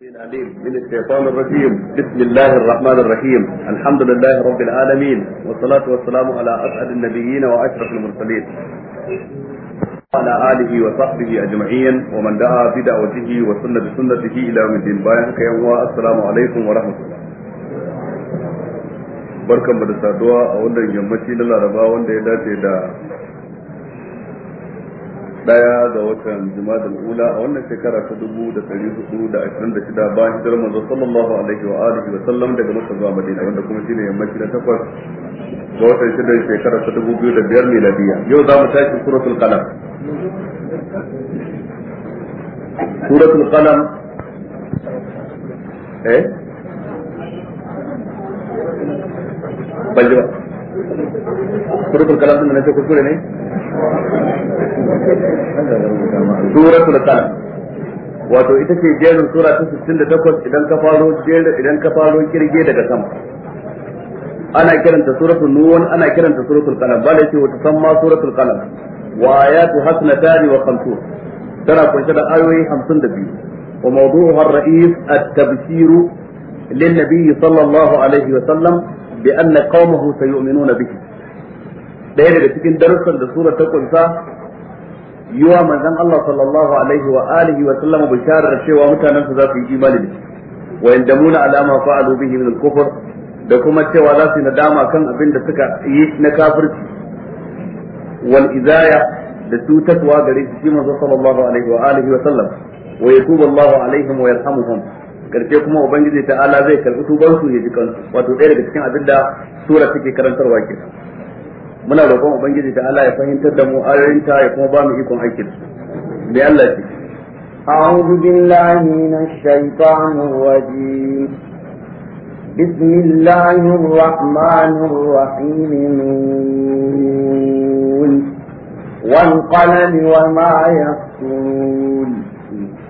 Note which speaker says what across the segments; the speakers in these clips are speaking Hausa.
Speaker 1: العليم من الشيطان الرجيم بسم الله الرحمن الرحيم الحمد لله رب العالمين والصلاة والسلام على أسعد النبيين وأشرف المرسلين وعلى آله وصحبه أجمعين ومن دعا بدعوته وسنة سنته إلى يوم الدين بايعك يوم السلام عليكم ورحمة الله barkan mu da أولا يمتين الله ربا na daya ga watan jumadal ula a wannan shekara ta dubu da hudu da ashirin da shida bayan hijirar manzo sallallahu alaihi wa alihi wa sallam daga zuwa madina wanda kuma shine yammaci na takwas ga watan shida shekara ta dubu biyu da biyar miladiya yau za mu tashi suratul qalam suratul qalam eh ba suratul qalam din ne ko ne suratul qalam wato ita ce jerin sura ta 68 idan ka faro jerin idan ka faro kirge daga sama ana kiranta suratul nun ana kiranta suratul qalam bala ce wata samma suratul qalam wa ayatu hasnatani wa khamsun tana kunshe da ayoyi 52 وموضوعها الرئيس التبشير للنبي صلى الله عليه وسلم بأن قومه سيؤمنون به daya daga cikin darussan da sura ta kunsa yiwa manzon Allah sallallahu alaihi wa alihi wa sallama bisharar cewa mutanen su za su yi imani da shi wa yandamuna ala ma fa'alu bihi min al-kufr da kuma cewa za su yi nadama kan abin da suka yi na kafirci wal izaya da tutatwa gare shi manzo sallallahu alaihi wa alihi wa sallam wa yatubu Allahu alaihim wa yarhamuhum karshe kuma ubangiji ta'ala zai karbi su ya ji kansu wato ɗaya daga cikin abin da sura take karantarwa kenan muna roƙon ubangiji da Allah ya fahimtar da mu ayoyinta ya kuma
Speaker 2: ba mu ikon aiki da su da Allah ce أعوذ بالله من الشيطان الرجيم بسم الله الرحمن الرحيم نون والقلم وما يسطرون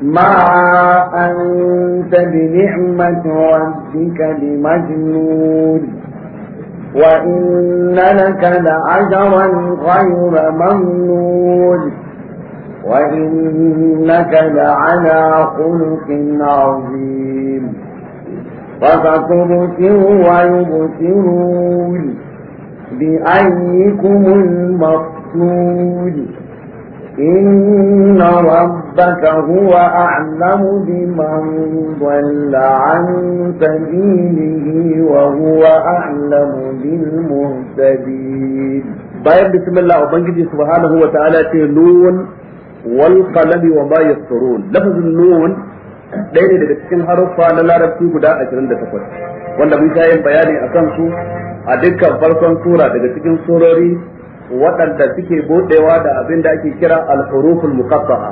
Speaker 2: ما أنت بنعمة ربك بمجنون وإن لك لأجرا غير ممنون وإنك لعلى خلق عظيم فستبصر ويبصرون بأيكم المقتول إن رب ربك هو أعلم بمن ضل عن سبيله وهو أعلم بالمهتدين bayan bismillah ubangiji subhanahu wa ta'ala ce
Speaker 1: nun wal qalami wa ma lafazin nun ɗaya ne daga cikin haruffa na larabci guda takwas. wanda mun yin bayani kan su a dukkan farkon sura daga cikin surori waɗanda suke buɗewa da abin da ake kira al-huruful muqatta'a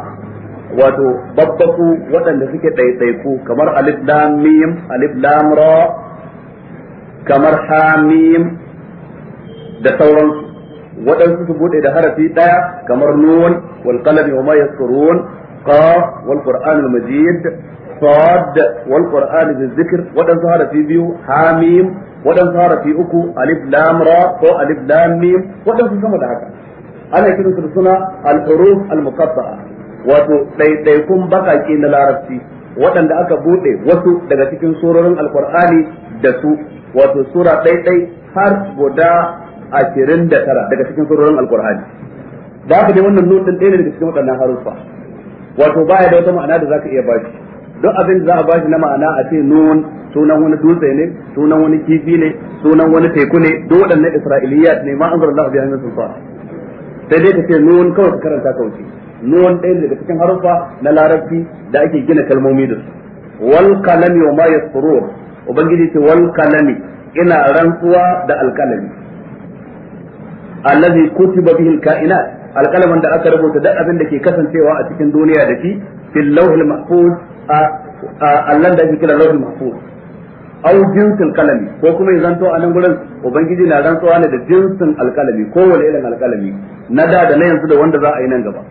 Speaker 1: wato babbaku waɗanda suke ɗaiɗaiku kamar alif lam mim alif lam ra kamar ha mim da sauran waɗansu su bude da harafi ɗaya kamar nun wal qalami wa ma yasrun qaf wal qur'an al majid sad wal qur'an bi dhikr صاد والقرآن بالذكر ودن سهر في بيو حاميم ودن سهر في أكو ألف لام را أو ألف da haka ana kiransu da suna al huruf al muqatta'a wato ɗaiɗaikun bakake na larabci waɗanda aka buɗe wasu daga cikin surorin alkur'ani da su wato sura ɗaiɗai har guda ashirin da tara daga cikin surorin alkur'ani da aka dai wannan nun ɗaya ne daga cikin waɗannan haruffa wato baya da wata ma'ana da zaka iya bashi duk abin da za a bashi na ma'ana a ce nun sunan wani dutse ne sunan wani kifi ne sunan wani teku ne duk waɗannan isra'iliyat ne ma anzar Allah bi hannun sulfa sai dai ka ce nun kawai ka karanta kauce Nuwan ɗaya daga cikin haruffa na larabci da ake gina kalmomi da su wal kalami wa ma yasrur ubangiji ce wal kalami ina rantsuwa da alkalami allazi kutiba bihi alkainat alqalamin da aka rubuta duk abin da ke kasancewa a cikin duniya da shi fil lawhil mahfuz a allan da ake kira lawhil mahfuz au jinsin kalami ko kuma ya zanto a nan gurin ubangiji na rantsuwa ne da jinsin alkalami ko wani irin alkalami na da da na yanzu da wanda za a yi nan gaba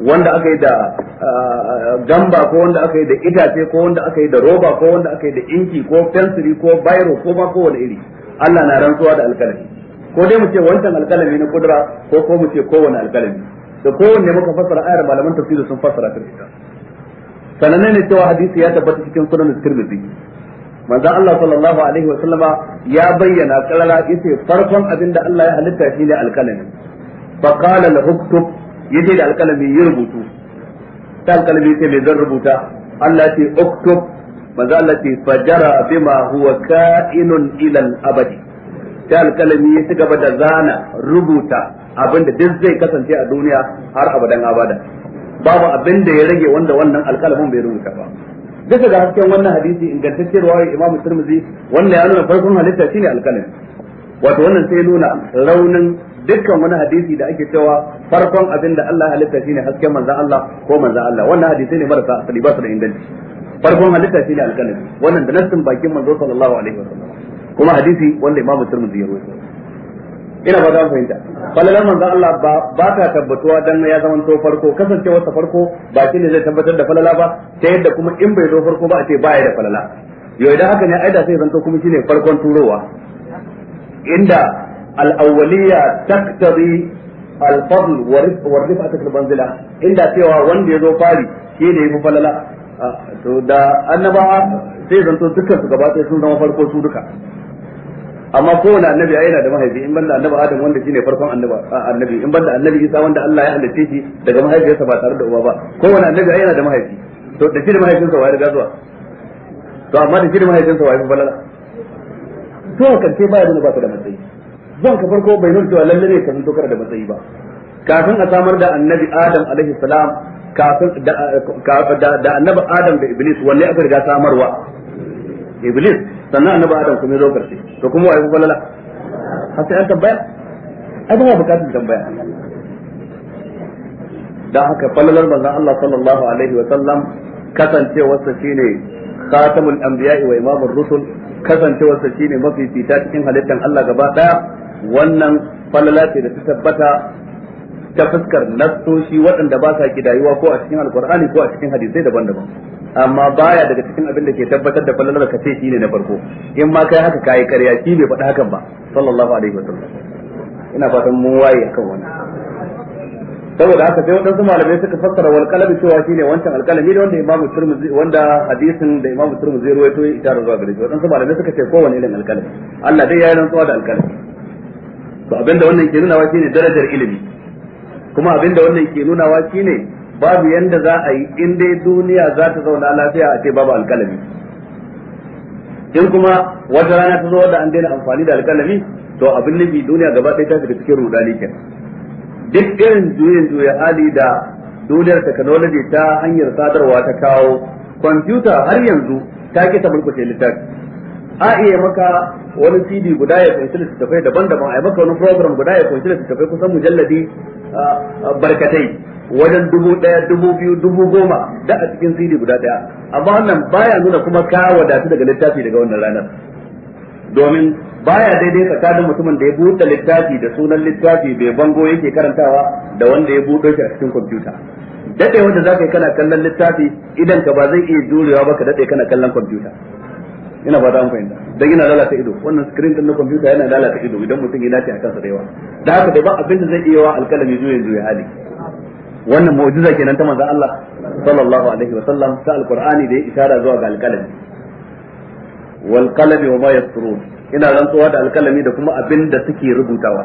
Speaker 1: wanda aka yi da ah, gamba ko wanda aka yi da itace ko wanda aka yi da roba ko wanda aka yi da inki ko fensiri ko bairo ko ba kowane iri Allah na rantsuwa da alkalami ko dai mu ce wancan alkalami na kudura ko ko mu ce kowane alkalami da kowanne muka fassara ayar malaman tafsir sun fassara ta ita sananne ne cewa hadisi ya tabbata cikin sunan tirmidhi manzo Allah sallallahu alaihi wa sallama ya bayyana kalala yace farkon abin da Allah ya halitta shine alkalami fa qala ya ce da alkalami ya rubutu ta alkalami ce mai zan rubuta Allah ce uktub maza Allah ce fajara bima huwa ka'inun ilal abadi ta alkalami ya ci gaba da zana rubuta abinda duk zai kasance a duniya har abadan abada babu abinda ya rage wanda wannan alkalamin bai rubuta ba duka ga hasken wannan hadisi ingantacciyar wayo imamu tirmidhi wannan ya nuna farkon halitta shine alkalami wato wannan sai nuna raunin dukkan wani hadisi da ake cewa farkon abin da Allah halitta shine hasken manzon Allah ko manzon Allah wannan hadisi ne marasa asali ba su da inganci farkon halitta shine alkalami wannan da nassin bakin manzo sallallahu alaihi wasallam kuma hadisi wanda imamu tirmidhi ya rawaito ina ba za mu fahimta falalan manzon Allah ba ba ta tabbatuwa dan ya zama to farko kasancewar ta farko ba ne zai tabbatar da falala ba ta yadda kuma in bai zo farko ba a ce baya da falala yau idan haka ne aida sai zanto kuma shine farkon turowa inda al-awwaliyya taqtadi al-fadl wa rif'atu fil manzila inda cewa wanda ya zo fari shi ne yafi falala to da annaba sai zanto dukkan su gaba sun zama farko su duka amma kowane annabi ai yana da mahaifi in banda annabi Adam wanda shi ne farkon annabi annabi in banda annabi Isa wanda Allah ya halitta shi daga mahaifiyarsa ba tare da uba ba kowane annabi ai yana da mahaifi to da shi da mahaifinsa wai riga zuwa to amma da shi da mahaifinsa ya wai falala
Speaker 3: to kan sai ba ya
Speaker 1: nuna ba ka da matsayi zan ka farko bai nuna cewa lalle ne ka zanto kana da matsayi ba kafin a samar da annabi adam alaihi salam kafin da da annabi adam da iblis wanne aka riga samarwa iblis sannan annabi adam kuma zo karshe to kuma wai balala har sai an tambaya ai ba bukatar tambaya dan haka fallalar manzon Allah sallallahu alaihi wa sallam kasancewarsa shine khatamul anbiya'i wa imamur rusul kasancewarsa shine mafi fita cikin halittan Allah gaba daya wannan falala ce da ta tabbata ta fuskar nassoshi waɗanda ba sa kidayuwa ko a cikin alkur'ani ko a cikin hadisai daban-daban amma baya daga cikin abin da ke tabbatar da falalar ka ce shine na farko in ma kai haka kai karya shi bai faɗi hakan ba sallallahu alaihi wa sallam ina fatan mun waye akan wannan saboda haka sai waɗansu malamai suka fassara wal qalbi cewa shine wancan alqalami ne wanda imamu turmizi wanda hadisin da imamu turmuzi ruwaito ya da zuwa gare shi waɗansu malamai suka ce kowanne irin alqalami Allah dai ya yi rantsuwa da alqalami to abinda wannan ke nunawa shine darajar ilimi kuma abinda wannan ke nunawa shine babu yanda za a yi in dai duniya za ta zauna lafiya a ce babu alkalami in kuma wata rana ta zo da an daina amfani da alkalami to abin nufi duniya gaba ɗaya ta shiga cikin rudani ke duk irin juyin juya hali da duniyar technology ta hanyar sadarwa ta kawo kwamfuta har yanzu ta kita mulkuce littafi a iya maka wani CD guda ya kunshi littattafai daban-daban a maka wani program guda ya kunshi littattafai kusan mujalladi barkatai wajen dubu ɗaya dubu biyu dubu goma da a cikin CD guda ɗaya amma wannan baya nuna kuma ka wadatu daga littafi daga wannan ranar domin baya daidai tsakanin mutumin da ya buɗe littafi da sunan littafi bai bango yake karantawa da wanda ya buɗe shi a cikin kwamfuta daɗe wanda za ka yi kana kallon littafi idan ka ba zai iya jurewa ba ka daɗe kana kallon kwamfuta ina ba da an fahimta dan yana lalata ido wannan screen din na computer yana lalata ido idan mutum yana ta kansa da yawa da haka da ba abin da zai iya yawa alkalami zuwa yanzu ya hali
Speaker 3: wannan mu'jiza
Speaker 1: kenan ta manzo Allah sallallahu alaihi wa sallam ta alqur'ani da ya isara zuwa ga alkalami wal qalami wa ma yasrun ina rantsuwa da alkalami da kuma abin da suke rubutawa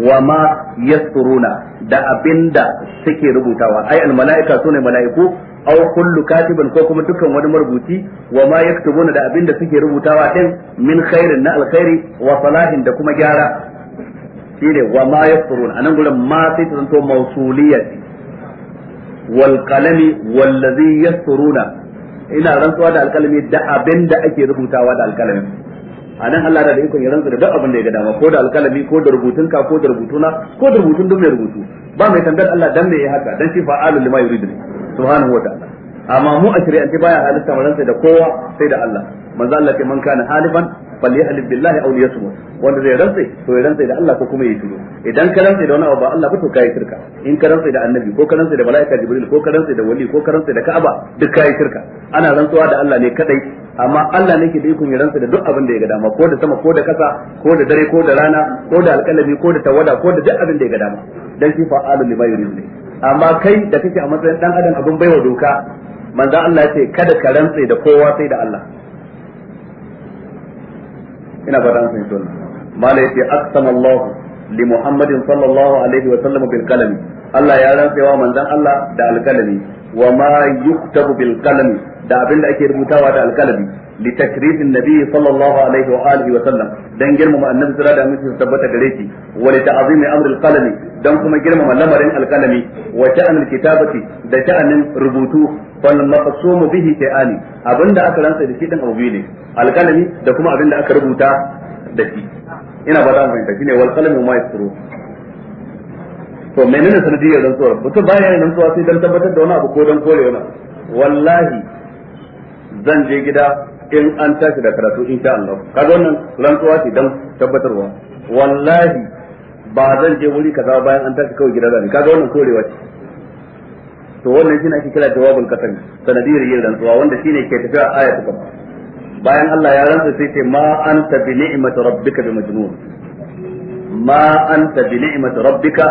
Speaker 1: wa ma yasruna da abin da suke rubutawa ai al mala'ika sune mala'iku aw kullu katibin ko kuma dukkan wani marubuci wa ma yaktubuna da abin da suke rubutawa din min khairin na alkhairi wa salahin da kuma gyara shine wa ma yasturun anan gurin ma sai ta zanto mausuliyati wal qalami wallazi yasturuna ina rantsuwa da alkalami da abin da ake rubutawa da alkalami anan Allah da ikon ya rantsu da duk abin da ya ga dama ko da alkalami ko da rubutun ka ko da rubutuna ko da rubutun duk mai rubutu ba mai tambayar Allah dan me ya haka dan shi fa'alul lima yuridu subhanahu wa ta'ala amma mu a shari'ance baya halitta mu da kowa sai da Allah manzo Allah ce man kana halifan falyahlib billahi aw liyasmut wanda zai rantse to ya rantsa da Allah ko kuma ya shiru idan ka rantsa da wani abu ba Allah ba to kai shirka in ka rantsa da annabi ko ka rantse da malaika jibril ko ka rantsa da wali ko ka rantse da ka'aba duk kai shirka ana rantsuwa da Allah ne kadai amma Allah ne ke da ikon ya rantse da duk abin da ya ga dama ko da sama ko da kasa ko da dare ko da rana ko da alƙalami ko da tawada ko da duk abin da ya ga dama dan shi fa'alu li yurid amma kai da kake a matsayin dan adam abin baiwa doka manzo Allah ce kada ka rantse da kowa sai da Allah ina ba dan sai sunna mala yace aqsama Allah li Muhammadin sallallahu alaihi wa sallam bil qalam Allah ya rantsewa manzon Allah da alkalami wa ma yuktabu bil qalam da abin da ake rubutawa da alkalami لتكريم النبي صلى الله عليه واله وسلم دان جرم النبي صلى الله عليه وسلم ثبت غريتي ولتعظيم امر القلم دان كما جرم لمرين القلم وشان الكتابه ده شان ربوتو فالمقسوم به شيئان abinda aka rantsa shi dan abu ne alkalami da kuma abinda aka rubuta da shi ina ba da mai shine wal qalamu ma yasru to menene sanadiyar rantsuwar mutum baya yin rantsuwa sai dan tabbatar da wani abu ko dan kore wani wallahi zan je gida in an tashi da karatu in sha Allah kaga wannan rantsuwa ce dan tabbatarwa wallahi ba zan je wuri kaza bayan an tashi kawai gida Ka kaga wannan korewa ce to wannan shine ake kira jawabin kasan sanadiyar yin rantsuwa wanda shine ke tafiya aya ta gaba bayan Allah ya rantsa sai ce ma anta bi ni'mati rabbika bi majnun ma anta bi ni'mati rabbika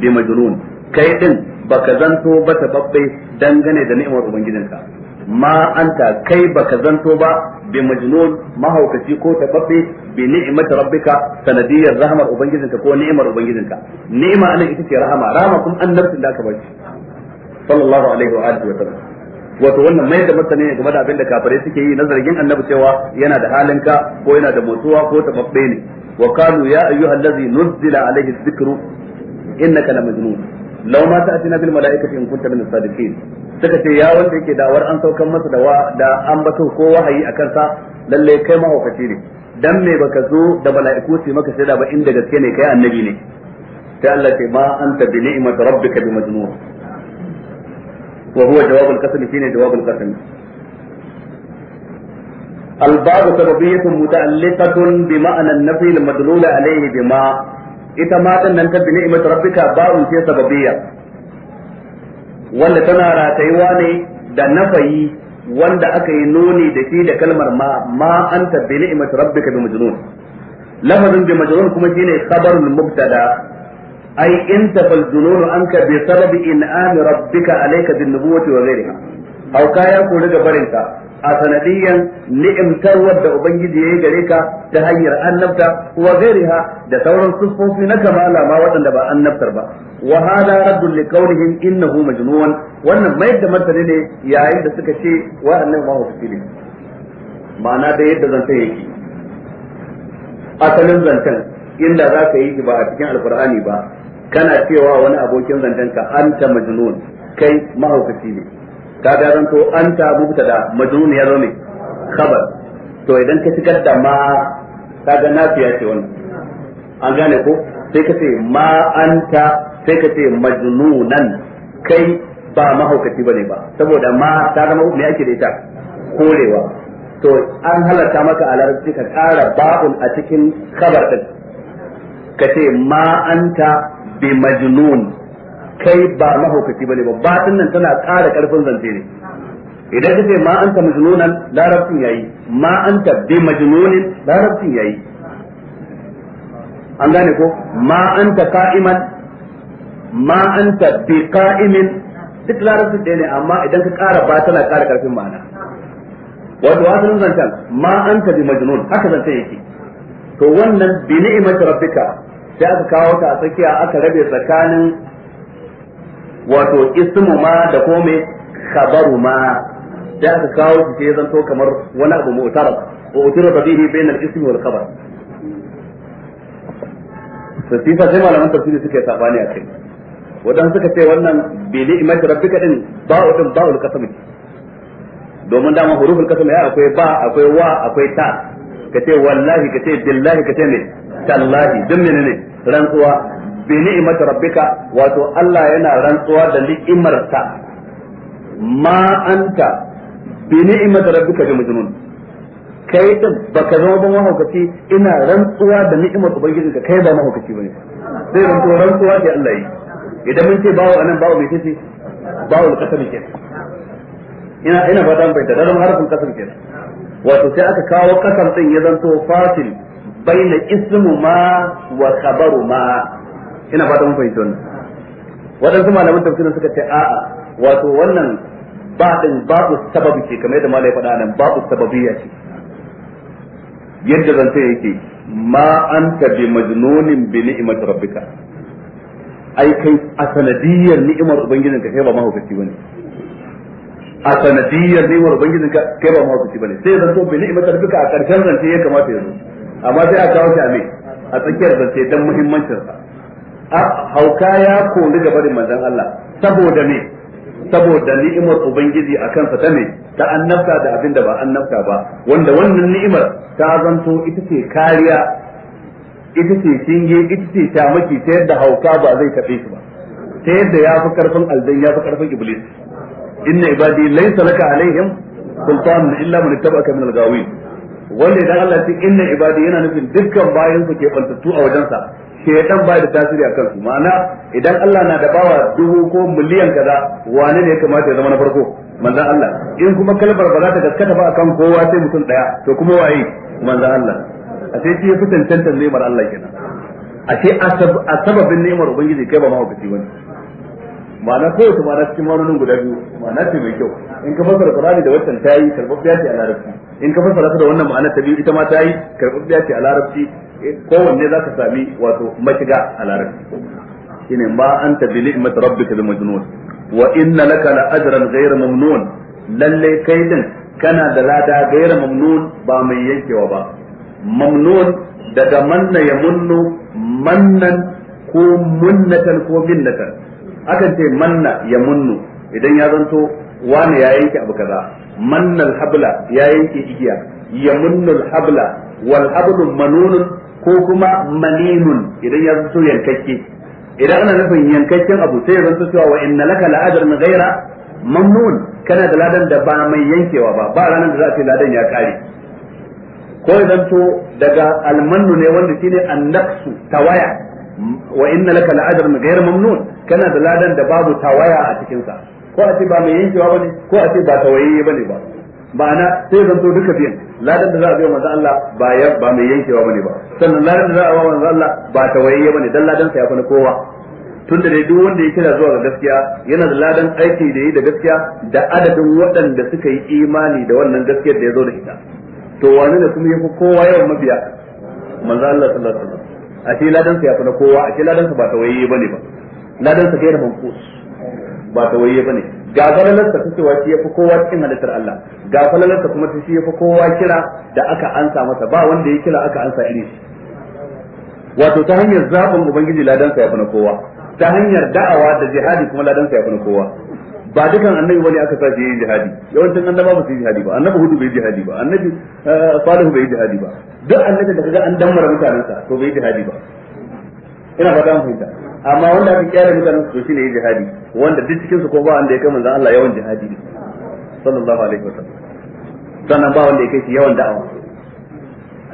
Speaker 1: bi majnun kai din baka zanto ba tababbai dangane da ni'imar ubangijinka ma anta kai baka zanto ba bi majnun mahaukaci ko tababbe bi ni'mat rabbika sanadiyar rahmar ubangijinka ko ni'mar ubangijinka ni'ma anan ita ce rahama rahama kuma annabcin da aka bashi sallallahu alaihi wa wato wannan mai da martani ne game da abin da kafare suke yi na zargin annabi cewa yana da halinka ko yana da motsuwa ko tababbe ne wa qalu ya ayyuhallazi nuzila alaihi dhikru innaka lamajnun law ma ta'tina bil malaikati in kunta min as-sadiqin suka ce ya wanda yake da'awar an saukan masa da da an bato ko wahayi akan sa lalle kai mahaukaci ne dan me baka zo da mala'iku su maka shaida ba inda gaske ne kai annabi ne sai Allah ce ma anta bi ni'mat rabbika bi majnun wa huwa jawab al-qasam shine jawab al-qasam الباب سببية متعلقة بمعنى النفي المدلول bi ma. ita ma din nan ta bi ni'mat rabbika ba'un ce sababiyya wanda tana ratayuwa ne da nafayi wanda aka yi nuni da shi da kalmar ma ma anta bi ni'mat rabbika bi majnun lafazin bi majnun kuma shine khabarul mubtada ay intafa al-junun anka bi sababi in'ami rabbika alayka bin nubuwati wa ghayriha aw kaya ko daga barinta a sanadiyyan ni'imtarwar da ubangiji yayi gare ka ta hanyar annabta wa ghairiha da sauran sufofi na kamala ma waɗanda ba annabtar ba wa hada raddul liqawlihim innahu majnun wannan mai da martani ne yayin da suka ce wa annabi ma ne ma'ana da yadda zance yake asalin zancen inda za ka yi shi ba a cikin alkur'ani ba kana cewa wani abokin zancenka anta majnun kai mahaukaci ne kaga zan to an ta mubtada majnun ya zo ne khabar to idan ka shigar da ma kaga nafiya ce wannan an gane ko sai ka ce ma anta sai ka ce majnunan kai ba mahaukaci bane ba saboda ma ta zama me ake da ita korewa to an halarta maka a larabci ka ƙara ba'un a cikin khabar din ka ce ma anta bi majnun kai ba mahaukaci bane ba batin nan tana ƙara karfin zance ne idan ka ce ma anta majnunan larabcin yayi ma anta bi majnunin larabcin yayi an gane ko ma anta qa'iman ma anta bi qa'imin duk larabcin ɗaya ne amma idan ka ƙara ba tana ƙara karfin ma'ana wato nan zancen ma anta bi majnun haka zance yake to wannan bi ni'imar rabbika sai aka kawo ta a tsakiya aka rabe tsakanin wato ismu ma da kome khabaru ma da aka kawo shi sai zanto kamar wani abu mu'tarab wa da bihi bayna al-ismi wal khabar to sai sai malaman tafsiri suke sabani a kai wadan suka ce wannan bi ni'mati rabbika din ba'u din ba'ul qasam domin da ma huruful qasam ya akwai ba akwai wa akwai ta kace wallahi kace billahi kace ne
Speaker 3: tallahi
Speaker 1: dun menene rantsuwa bi ni'mat rabbika wato Allah yana rantsuwa da ni'imarsa ma anta bi ni'mat rabbika bi majnun kai da baka zama ban mahaukaci ina rantsuwa da ni'imar ubangijinka kai ba mahaukaci bane sai rantsuwa rantsuwa da Allah yi idan mun ce bawo anan bawo mai kace bawo al-qasam ke ina ina ba dan bai da dan harfin qasam ke wato sai aka kawo qasam din ya zanto fasil baina ismu ma wa khabaru ma ina fata mun fahimci wannan waɗansu malaman tafsirin suka ce a'a wato wannan ba din su sababi ce kamar yadda malai faɗa nan su sababiyya ce yadda zan zance yake ma anta bi majnunin bi ni'mat rabbika ai kai a sanadiyar ni'imar ubangijin ka kai ba mahaukaci bane a sanadiyar ni'imar ubangijin ka kai ba mahaukaci bane sai zan zanto bi ni'mat rabbika a karshen zance ya kamata ya zo amma sai a kawo shi a me a tsakiyar zance dan muhimmancin sa hauka ya kori ga barin manzon Allah saboda me saboda ni'imar ubangiji a kansa ta ne ta annabta da abin da ba annabta ba wanda wannan ni'imar ta zanto ita ce kariya ita ce shinge ita ce tamaki ta yadda hauka ba zai tafe shi ba ta yadda ya fi karfin aljan ya fi karfin iblis inna ibadi laysa laka alaihim sultan illa man ittaba'aka min al-ghawin wanda idan Allah ya ce inna ibadi yana nufin dukkan bayansa ke bantattu a wajensa dan ba da tasiri akan su ma'ana idan Allah na da bawa dubu ko miliyan kaza wane ne ya kamata ya zama na farko manzan Allah in kuma kalmar ba za ta gaskata ba akan kowa sai mutum daya to kuma waye manzan Allah a sai shi ya fi tantantar nemar Allah kenan a sai a sababin nemar ubangiji kai ba mahaukaci wani ma'ana ko kowace ma'ana cikin ma'anonin guda biyu ma'ana ce mai kyau in ka fassara Qur'ani da waccan ta yi karɓaɓɓiya ce a larabci in ka fassara ta da wannan ma'ana ta biyu ita ma ta yi karɓaɓɓiya ce a larabci eh, kowanne za ka sami wato mashiga a larabci shine ma anta bi ni'mat rabbika bi majnun wa inna laka la ajran ghayra mamnun lalle kai din kana da lada ghayra mamnun ba mai yankewa ba mamnun daga manna ya munnu mannan ko munnatan ko minnatan akan ce manna ya munnu idan ya zanto wani ya yanke abu kaza mannal habla ya yanke igiya ya munnul habla wal habdu manunun ko kuma maninun idan ya zanto yankakke idan ana nufin yankakken abu sai ya zanto cewa wa inna laka la ajrun ghaira mamnun kana da ladan da ba mai yankewa ba ba ranar da za a ce ladan ya kare ko idan to daga almannu ne wanda shine annaksu tawaya wa inna laka la ajrun ghaira mamnun kana da ladan da babu tawaya a cikin sa ko a ce ba mai yankewa ne? ko a ce ba tawaye bane ba ma'ana sai zan so duka biyan ladan da za a biya manzo Allah ba ya ba mai yankewa bane ba sannan ladan da za a ba manzo Allah ba tawaye bane dan ladan sa ya fi kowa tunda dai duk wanda ya kira zuwa ga gaskiya yana da ladan aiki da yi da gaskiya da adadin waɗanda suka yi imani da wannan gaskiyar da ya zo da ita to wani da kuma yafi kowa yawan mabiya manzo Allah sallallahu alaihi wasallam a ladan sa ya fi kowa a ladan sa ba tawaye bane ba ladan sa gaira manqus ba ta waye bane ga falalar ta cewa shi yafi kowa cikin halittar Allah ga falalarsa kuma shi yafi kowa kira da aka ansa masa ba wanda ya kira aka ansa irin shi wato ta hanyar zaɓin ubangiji ladan sa yafi na kowa ta hanyar da'awa da jihadi kuma ladan sa yafi na kowa ba dukan annabi bane aka sa yi jihadi yawancin annaba ba su yi jihadi ba annabi hudu bai jihadi ba annabi eh, salihu bai jihadi ba duk annabi da kaga an mutanen sa to bai jihadi ba
Speaker 3: ina fata an fahimta amma wanda
Speaker 1: aka kyara mutanen su shine jihadi wanda duk cikin su ko ba wanda ya kai manzon Allah yawan jihadi sallallahu alaihi wasallam sannan ba wanda ya kai shi yawan da'awa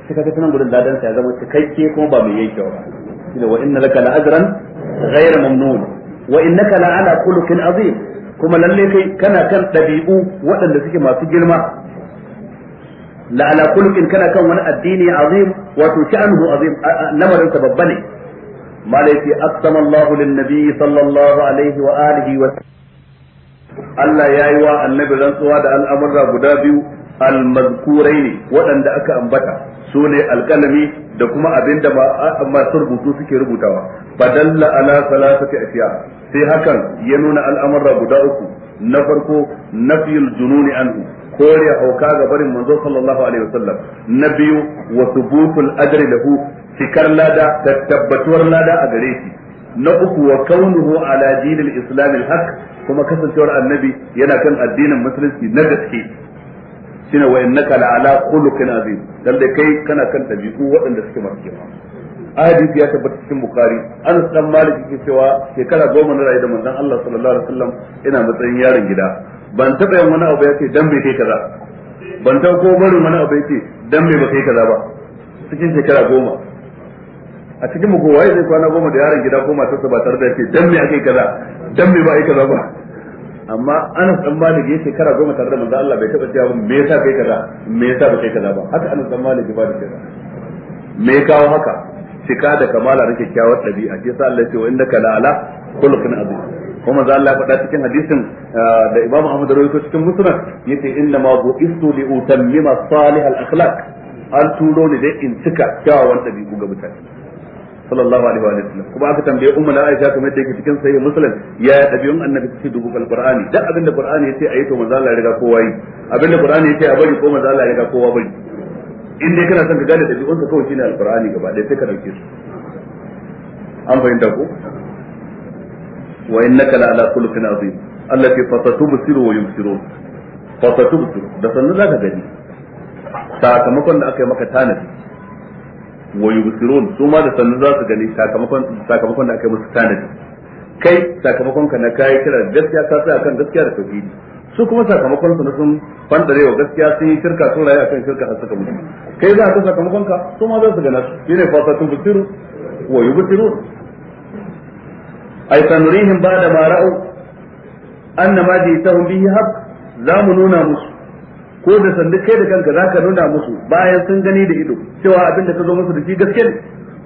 Speaker 1: sai kaga tunan gudun ladan sa ya zama cikakke kuma ba mai yanke ba shine wa inna laka la ajran ghayra mamnun wa innaka la ala khuluqin azim kuma lalle kai kana kan dabi'u waɗanda suke masu girma la ala khuluqin kana kan wani addini azim wato sha'anuhu azim lamarin sa babba ne malaiki assamallahu lin nabi sallallahu alaihi wa wa annabi rantsuwa da al'amurra guda biyu almazkurai ne waɗanda aka ambata su ne da kuma abin masu rubutu suke rubutawa fadalla sai hakan ya nuna al'amurra guda uku na farko nafiyul jununi anhu kore hauka ga barin manzo na biyu cikar lada da tabbatuwar lada a gare shi na uku wa kaunuhu ala dinil islam al kuma kasancewar annabi yana kan addinin musulunci na gaske shine wa innaka la ala khuluqin azim lalle kai kana kan dabi'u waɗanda suke masu girma hadisi ya tabbata cikin bukari an san malik yake cewa shekara goma na rayu da manzon Allah sallallahu alaihi wasallam ina matsayin yaron gida ban taɓa yin wani abu yace dan bai kai kaza ban taɓa ko barin wani abu yace dan bai kai kaza ba cikin shekara goma a cikin muku waye zai kwana goma da yaron gida ko matarsa ba tare da ya ce dan me ake kaza dan me ba ai kaza ba amma ana dan Malik ya shekara goma tare da manzo Allah bai taba cewa me yasa kai kaza me yasa ba kai kaza ba haka ana dan Malik ba da kaza me kawo haka cika da kamala da kyakkyawar dabi'a shi yasa Allah ya ce wa innaka la'ala khuluqin azim kuma za Allah faɗa cikin hadisin ah, da Imam Ahmad rawaito cikin Musnad yace inna ma bu'istu li utammima salih al akhlaq an turo ni dai in cika kyawawan dabi'u ga mutane sallallahu alaihi wa sallam kuma aka tambaye ummu na Aisha kamar yadda yake cikin sahih muslim ya ya dabi'un annabi ce dubu alqur'ani duk abin da qur'ani yace ayi to manzo Allah ya riga kowa yi abin da qur'ani yace a bari ko manzo Allah ya riga kowa bari in dai kana son ka gane dabi'un ka kawai shine alqur'ani gaba ɗaya sai ka dauke su an fahimta ko wa innaka la ala kulli khuluqin azim allati fatatubsiru wa yubsirun fatatubsiru da sannan zaka gani sakamakon da aka yi maka tanadi wa yubsirun su ma da sannu za su gani sakamakon sakamakon da aka musu kai sakamakon na kai kira gaskiya ka tsaya gaskiya da tauhidi su kuma sakamakon su na wa gaskiya sun yi shirka sun rayu akan shirka har suka mutu kai za ka sakamakon ka su ma ba'da ma ra'u annama jitahum za mu nuna musu ko da sanda kai da kanka zaka nuna musu bayan sun gani da ido cewa abin da ka zo musu da shi gaske ne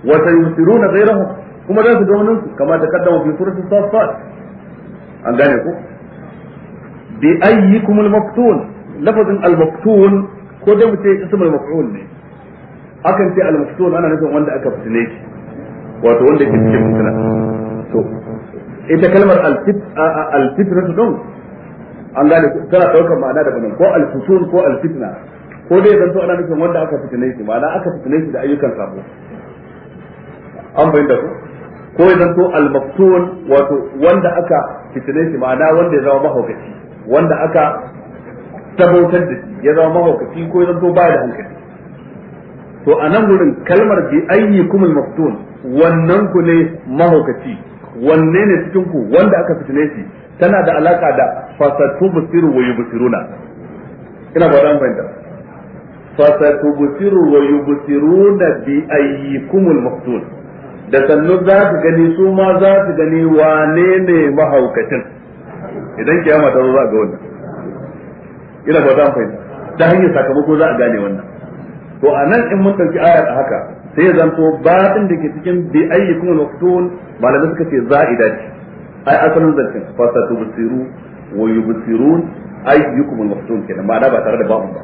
Speaker 1: wa sayusiruna ghayrahum kuma za su ga su kamar da kaddama fi surati safat an gane ko bi ayyikum al-maftun lafazin al-maftun ko da mu ce ismul maf'ul ne akan ce al-maftun ana nufin wanda aka fitine shi wato wanda
Speaker 3: ke cikin fitina to
Speaker 1: ita kalmar al-fitra don an gane tana daukar ma'ana da banan ko alfusun ko alfitna ko dai zanto ana nufin wanda aka fitine shi ma'ana aka fitine shi da ayyukan sabo an da ko ko to al almaftun wato wanda aka fitine shi ma'ana wanda ya zama mahaukaci wanda aka tabautar da shi ya zama mahaukaci ko idan to baya da hankali to a nan gurin kalmar bi kumul maftun wannan ku ne mahaukaci wanne ne cikin ku wanda aka fitine shi tana da alaka da fasatu busiru wa yubsiruna ina ba dan bayyana fasatu busiru wa yubsiruna bi ayyikumul maftun da sannu za su gani su ma za su gani wane ne mahaukacin idan kiyama ta zo za ga wannan ina ba dan bayyana Da hanyar sakamako za a gane wannan to a nan in mun ɗauki ayar haka sai zanto batin da ke cikin bi ayyukum al-maftun malamai suka ce za'ida ce ai asalin zancen fasa tu basiru wa yubsirun yi al-maftun ke. ma'ana ba tare da babu ba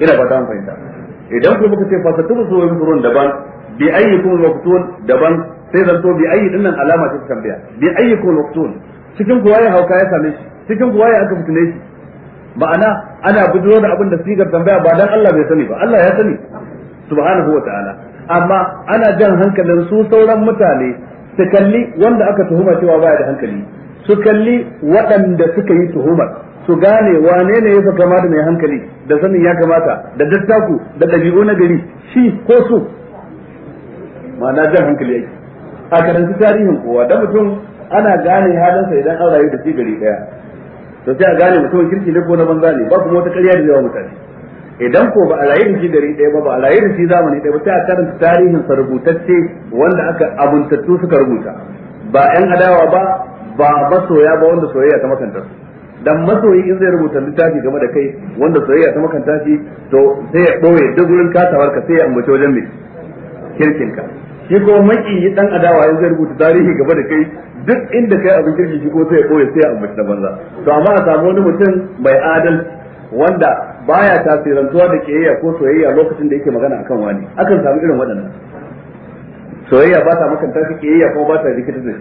Speaker 1: ina ba ta fahimta idan kuma muka ce fasa tu basiru wa yubsirun daban bi ayyukum al-maftun daban sai zanto bi ayyi dinnan alama ta tambaya bi ayyukum al-maftun cikin kuwa ya hauka ya same shi cikin kuwa ya aka mutune shi ma'ana ana bujiro da abin da sigar tambaya ba dan Allah bai sani ba Allah ya sani subhanahu wa ta'ala amma ana jan hankalin su sauran mutane su kalli wanda aka tuhuma cewa baya da hankali su kalli waɗanda suka yi tuhumar su gane wane ne ya kama da mai hankali da sanin ya kamata da dattaku da ɗabi'u na gari shi ko su ma'ana jan hankali yake a karanci tarihin kowa da mutum ana gane halinsa idan an rayu da shi gari ɗaya to sai a gane mutumin kirki ne ko na banza ne ba kuma wata ƙarya da yawa mutane idan ko ba a layin da shi gari ɗaya ba ba a layin da shi zamani ɗaya ba sai a karanta tarihin sa rubutacce wanda aka abuntattu suka rubuta ba yan adawa ba ba masoya ba wanda soyayya ta su dan masoyi in zai rubuta littafi game da kai wanda soyayya ta makanta shi to sai ya ɓoye duk wurin kasawar ka sai ya ambaci wajen mai kirkin ka shi ko maki yi dan adawa in zai rubuta tarihi game da kai duk inda kai abin kirki shi ko sai ya ɓoye sai ya ambaci na banza to amma a samu wani mutum mai adalci wanda baya tasirantuwa da kiyayya ko soyayya lokacin da yake magana akan wani akan samu irin waɗannan soyayya ba ta makanta shi kiyayya ko ba ta rikitar da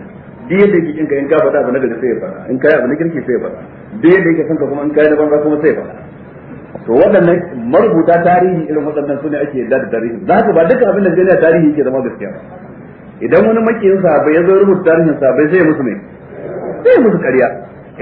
Speaker 1: duk yadda yake kinka in ka faɗa abu na gari sai ya faɗa in kai abu na kirki sai ya faɗa duk yadda yake kanka kuma in kai na banza kuma sai ya faɗa to waɗannan marubuta tarihi irin waɗannan su ne ake yadda da tarihi za ka ba duka abin da a tarihi yake zama gaskiya idan wani makiyin sahabbai ya zo rubuta tarihin sahabbai sai ya musu ne sai ya musu ƙarya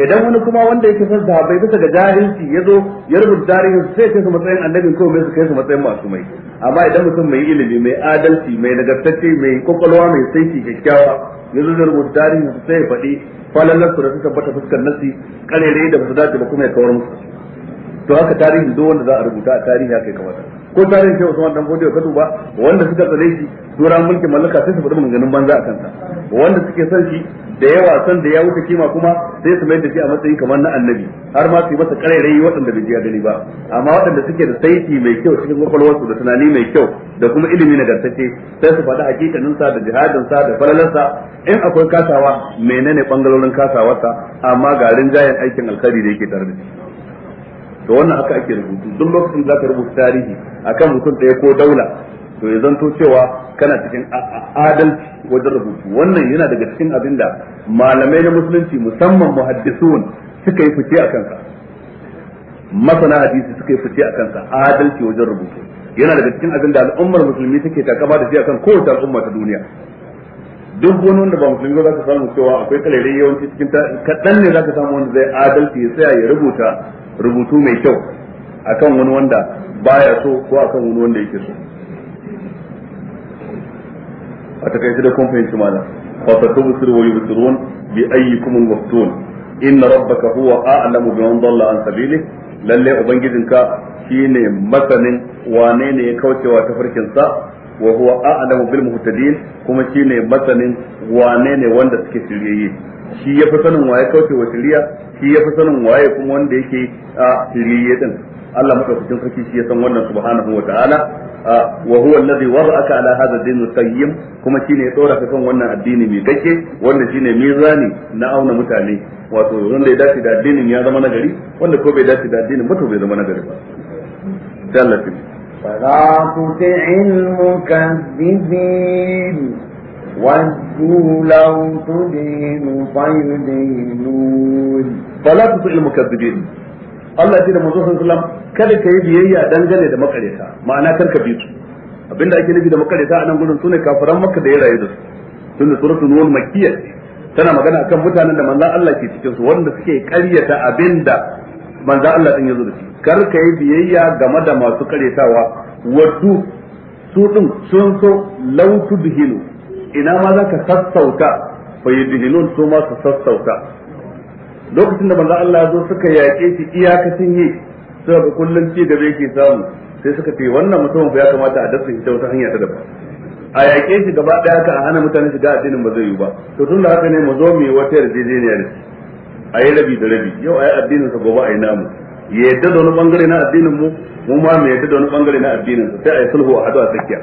Speaker 1: idan wani kuma wanda yake son sahabbai bisa ga jahilci ya zo ya rubuta tarihin su sai kai su matsayin annabin ko mai su kai su matsayin masu mai amma idan mutum mai ilimi mai adalci mai nagartacce mai kwakwalwa mai saiki kyakkyawa ya zo ya rubuta tarihi su sai ya faɗi falalar su da su tabbata fuskar nasi karere da ba su dace ba kuma ya kawar musu to haka tarihi duk wanda za a rubuta a tarihi haka ya kamata ko tarin shehu Usman dan Bodiyo ka duba wanda suka tsare shi duran mulkin mallaka sai su faɗi maganganun banza a kansa wanda suke son shi da yawa san da ya wuce kima kuma sai su mai da shi a matsayin kamar na annabi har ma su yi masa karairayi waɗanda bai jiya gani ba amma waɗanda suke da saiti mai kyau cikin kwakwalwarsu da tunani mai kyau da kuma ilimi na nagartacce sai su faɗi hakikanin sa da jihadin sa da falalarsa in akwai kasawa menene bangalorin kasawarsa amma garin jayen aikin alkhairi da yake tare da shi da wannan haka ake rubutu duk lokacin da zaka rubuta tarihi akan mutum ɗaya ko daula to ya zanto cewa kana cikin adalci wajen rubutu wannan yana daga cikin abin da malamai na musulunci musamman muhaddisun suka yi fice a kansa masana hadisi suka yi fice a kansa adalci wajen rubutu yana daga cikin abin da al'ummar musulmi take takama da shi akan kowace al'umma ta duniya duk wani wanda ba musulmi za ka samu cewa akwai kalere yawanci cikin kaɗan ne za ka samu wanda zai adalci ya tsaya ya rubuta rubutu mai kyau akan wani wanda baya so ko akan wani wanda yake so a takaice da kun fahimci mana fa tatubsiru wa yubsirun bi ayyikum al-maftun inna rabbaka huwa a'lamu biman dalla an sabilihi lalle ubangijinka shine masanin wane ne ya kaucewa tafarkin sa wa huwa a'lamu bil muhtadin kuma shine masanin wane ne wanda suke shiryayye shi ya fi sanin waye kauce wa shiriya shi ya fi sanin waye kuma wanda yake a shiriye din Allah madaukakin sarki shi ya san wannan subhanahu wa ta'ala wa huwa alladhi wada'aka ala hadha din qayyim kuma shine ya tsora ka kan wannan addini mai dake wanda shine mizani na auna mutane wato wanda ya dace da addinin ya zama nagari wanda ko bai dace da addinin ba to bai zama nagari ba
Speaker 2: فلا تطع المكذبين ودوا لو تدين فيدينون فلا تطع المكذبين Allah ce da manzo sallallahu alaihi wasallam kada ka yi
Speaker 1: biyayya dangane da makareta ma'ana kar ka bi su abinda ake nufi da makareta a nan gurin sune kafiran makka da ya da su tana magana akan mutanen da manzon Allah ke cikin su wanda suke karyata abinda manzon Allah din ya zo da shi kar ka yi biyayya game da masu karetawa waddu su din sun so lautu dihinu ina ma za ka sassauta fa yudhinun su ma su sassauta lokacin da manzo Allah zo suka yaƙe shi iyakacin yi suka ga kullun ci gaba yake samu sai suka ce wannan mutumin ya kamata a dasa shi ta wata hanya ta daban a yaƙe shi gaba ɗaya ka a hana mutane shiga addinin ba zai yi ba to tun da haka ne mu zo mu yi wata yarjejeniya ne a yi rabi da rabi yau a yi addinin sa gobe a yi namu ya yadda da wani bangare na addinin mu mu ma mai yadda da wani bangare na addinin sa sai a yi sulhu a hadu a tsakiya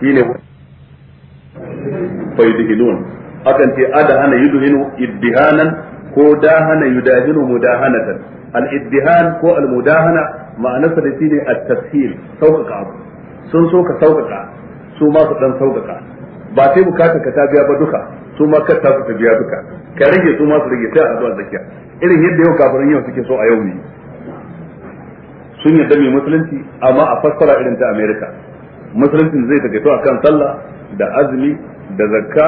Speaker 1: shine fa yudhinun akan ce ada hana yudhinu iddihanan ko da hana yudahinu mudahanatan al iddihan ko al mudahana ma'anarsa da shine at tafhil sauƙaƙa abu sun so ka sauƙaƙa su ma su dan sauƙaƙa ba sai bukata ka ta biya ba duka su ma ka ta biya duka ka rage su ma su rage sai a zuwa tsakiya irin yadda yau kafirin yau suke so a yau ne sun yadda mai musulunci amma a fassara irin ta america musuluncin zai takaito a kan sallah da azumi da zakka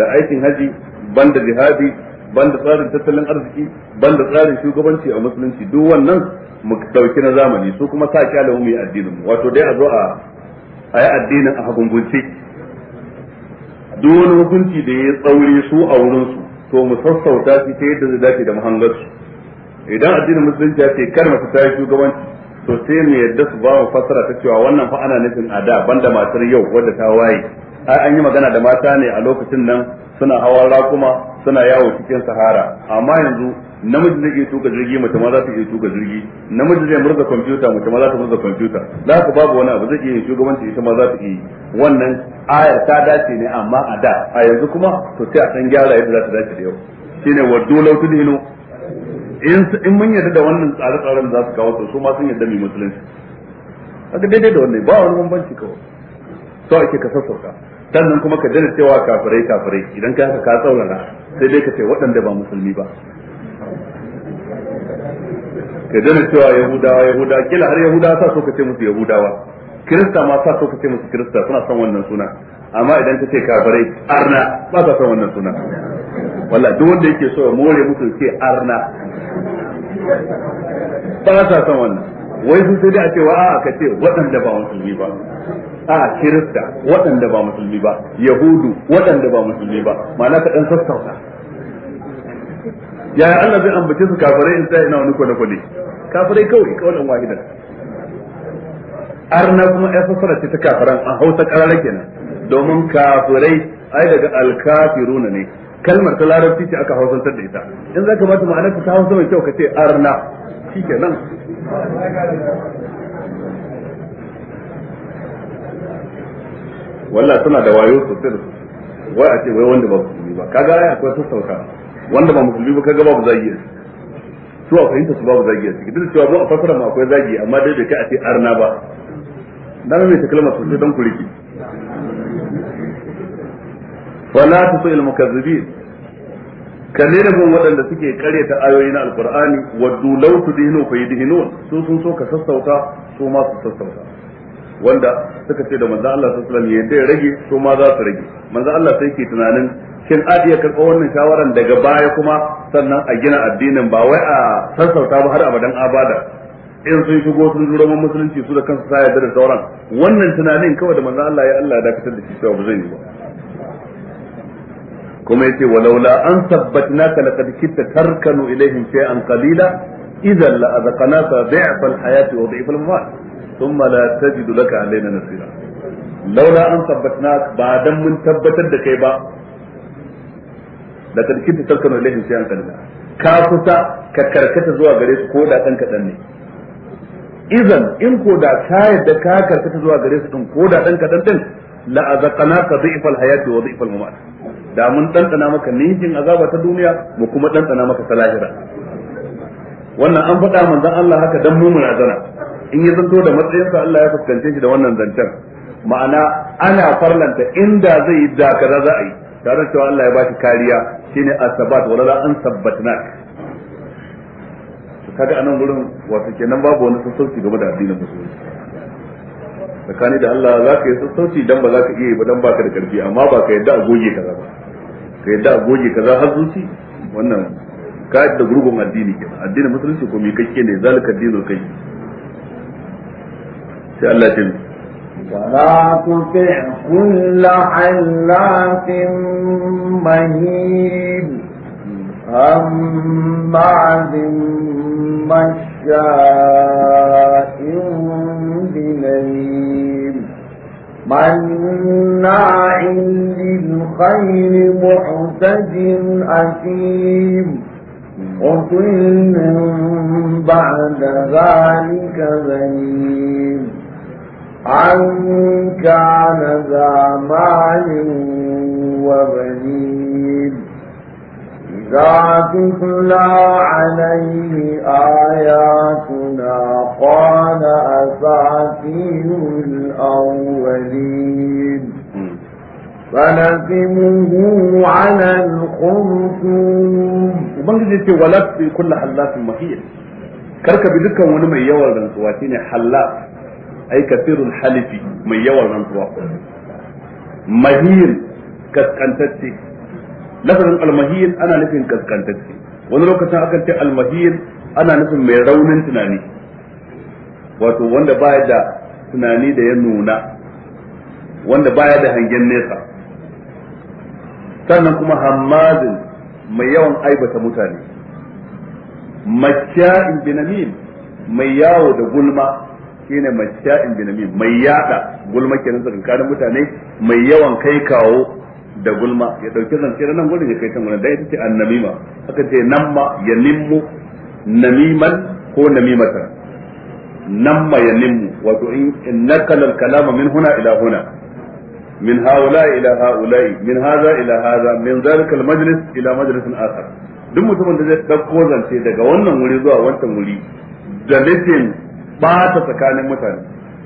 Speaker 1: da aikin haji banda jihadi banda tsarin tattalin arziki banda tsarin shugabanci a musulunci duk wannan mu dauki na zamani su kuma sa kyale mu yi addinin mu wato dai a zo a ayi addinin a hagungunci duk wani hukunci da ya yi tsaure su a wurin su to mu sassauta shi ta yadda zai dace da mahangarsu idan addinin musulunci ya ce kar mace ta yi shugabanci to sai mu yadda su ba mu fassara ta cewa wannan fa ana nufin a da banda matar yau wadda ta waye ai an yi magana da mata ne a lokacin nan suna hawan raƙuma suna yawo cikin sahara amma yanzu namiji zai iya tuka jirgi mace ma za ta iya tuka jirgi namiji zai murza kwamfuta mace ma za ta murza kwamfuta za ka babu wani abu zai iya shugabanci ita ma za ta iya wannan ayar ta dace ne amma a da a yanzu kuma to sai a san gyara yadda za ta dace da yau shine lautu law ino. in mun yarda da wannan tsare-tsaren za su kawo to su ma sun yarda mai musulunci haka daidai da wannan ba wani bambanci kawai to ake ka sassauka sannan kuma ka dana cewa kafirai kafirai idan ka haka ka tsaurara sai dai ka ce waɗanda ba musulmi ba ka dana cewa yahudawa yahudawa kila har yahudawa sa so ka ce musu yahudawa kirista ma sa so ka ce musu kirista suna son wannan suna amma idan ka ce kafirai arna ba sa son wannan suna wallahi duk wanda yake so ya more musu ce arna ba sa son wannan wai sun sai dai a ce wa a ka ce waɗanda ba musulmi ba a kirista waɗanda ba musulmi ba yahudu waɗanda ba musulmi ba ma'ana ka dan sassauta yaya Allah zai ambace su kafirai in sai ina wani kwane-kwane kafirai kawai kawalan wahida arna kuma ya fassara ce ta kafiran a hausa karara kenan domin kafirai ai daga alkafiruna ne kalmar ta larabci ce aka hausantar da ita in za ka ta ma'anar ta hausa mai kyau ka ce arna shikenan
Speaker 3: wallah suna da wayo
Speaker 1: sosai da sosai wai a ce wai wanda ba musulmi ba kaga ai akwai sassauka wanda ba musulmi ba kaga ba zai yi su a fahimta su babu zagi a ciki duk da cewa a fasara ma akwai zagi amma dai da kai a ce arna ba na mai ta kalmar sosai don ku riki wala ta so il mukazzibin kalle da gun waɗanda suke kare ta ayoyi na alqur'ani waddu law tudhinu fa yudhinun su sun so ka sassauta su ma su sassauta wanda suka ce da manzo Allah sallallahu alaihi wasallam ya rage su ma za su rage manzo Allah sai ke tunanin shin a iya karɓar wannan shawaran daga baya kuma sannan a gina addinin ba wai a sassauta ba har abadan abada in sun shigo sun zuro man musulunci su da kansu sa yarda da sauran wannan tunanin kawai da manzo Allah ya Allah ya dakatar da shi cewa ba zai yi ba kuma yace walaula an sabbatnaka laqad kitta tarkanu ilaihim shay'an qalila idan la azqanaka dha'fa al-hayati wa dha'fa al-mamat thumma la tajidu laka alaina nasira laula an sabbatnaka ba dan mun tabbatar da kai ba da karkin ta tarkanu ilaihim shay'an qalila ka kusa ka karkata zuwa gare su ko da kan kadan ne idan in ko da ka yadda ka karkata zuwa gare su din ko da dan kadan din la azaqnaka dhi'fal hayati wa dhi'fal mamat da mun tsana maka ninkin azaba ta duniya mu kuma tsana maka ta lahira wannan an faɗa manzon Allah haka dan mu munazana in ya zanto da matsayinsa Allah ya fuskance shi da wannan zancen ma'ana ana farlanta inda zai yi da kaza za a yi tare cewa Allah ya bashi kariya shine asabat walala an sabbatna kaga anan gurin wato kenan babu wani sassauci game da addinin musulunci tsakani da Allah za ka yi sassauci dan ba za ka iya yi ba dan baka da karfi amma ba ka yadda a goge kaza ba ka yadda a goge za har zuci wannan ka yadda gurgun addini ke addinin musulunci ko mai kakke ne zalika dinul kai sai Allah ya فلا
Speaker 2: تطع كل حلاف مهين بعد مشاء بنميم مناع للخير معتد أثيم قتل من بعد ذلك ذنيم عنك كان ذا مال وبنين إذا تتلى عليه آياتنا قال أساتير الأولين فنسمه على الخرطوم
Speaker 1: وبنجد يتي ولست كل حلات مخير كركب ذكا ونمي يوى الرنسواتين حلات ai kasirul halifi mai yawan rantsuwa mahin kaskantacce lafazin almahin ana nufin kaskantacce wani lokacin akan ce ana nufin mai raunin tunani wato wanda baya da tunani da ya nuna wanda baya da hangen nesa sannan kuma hamadin mai yawan aibata mutane makka'in binamin mai yawo da gulma shine masha'in binami mai yada gulma kenan tsakanin mutane mai yawan kai kawo da gulma ya dauki zance nan gurin ya kai can gurin dai ita ce annamima aka ce nan ma ya nimmu namiman ko namimatan nan ma ya nimmu wato in nakala kalama min huna ila huna min haula ila haula min hadha ila hadha min zalika al majlis ila majlisin akhar duk mutumin da zai dauko zance daga wannan wuri zuwa wancan wuri da nufin bata tsakanin mutane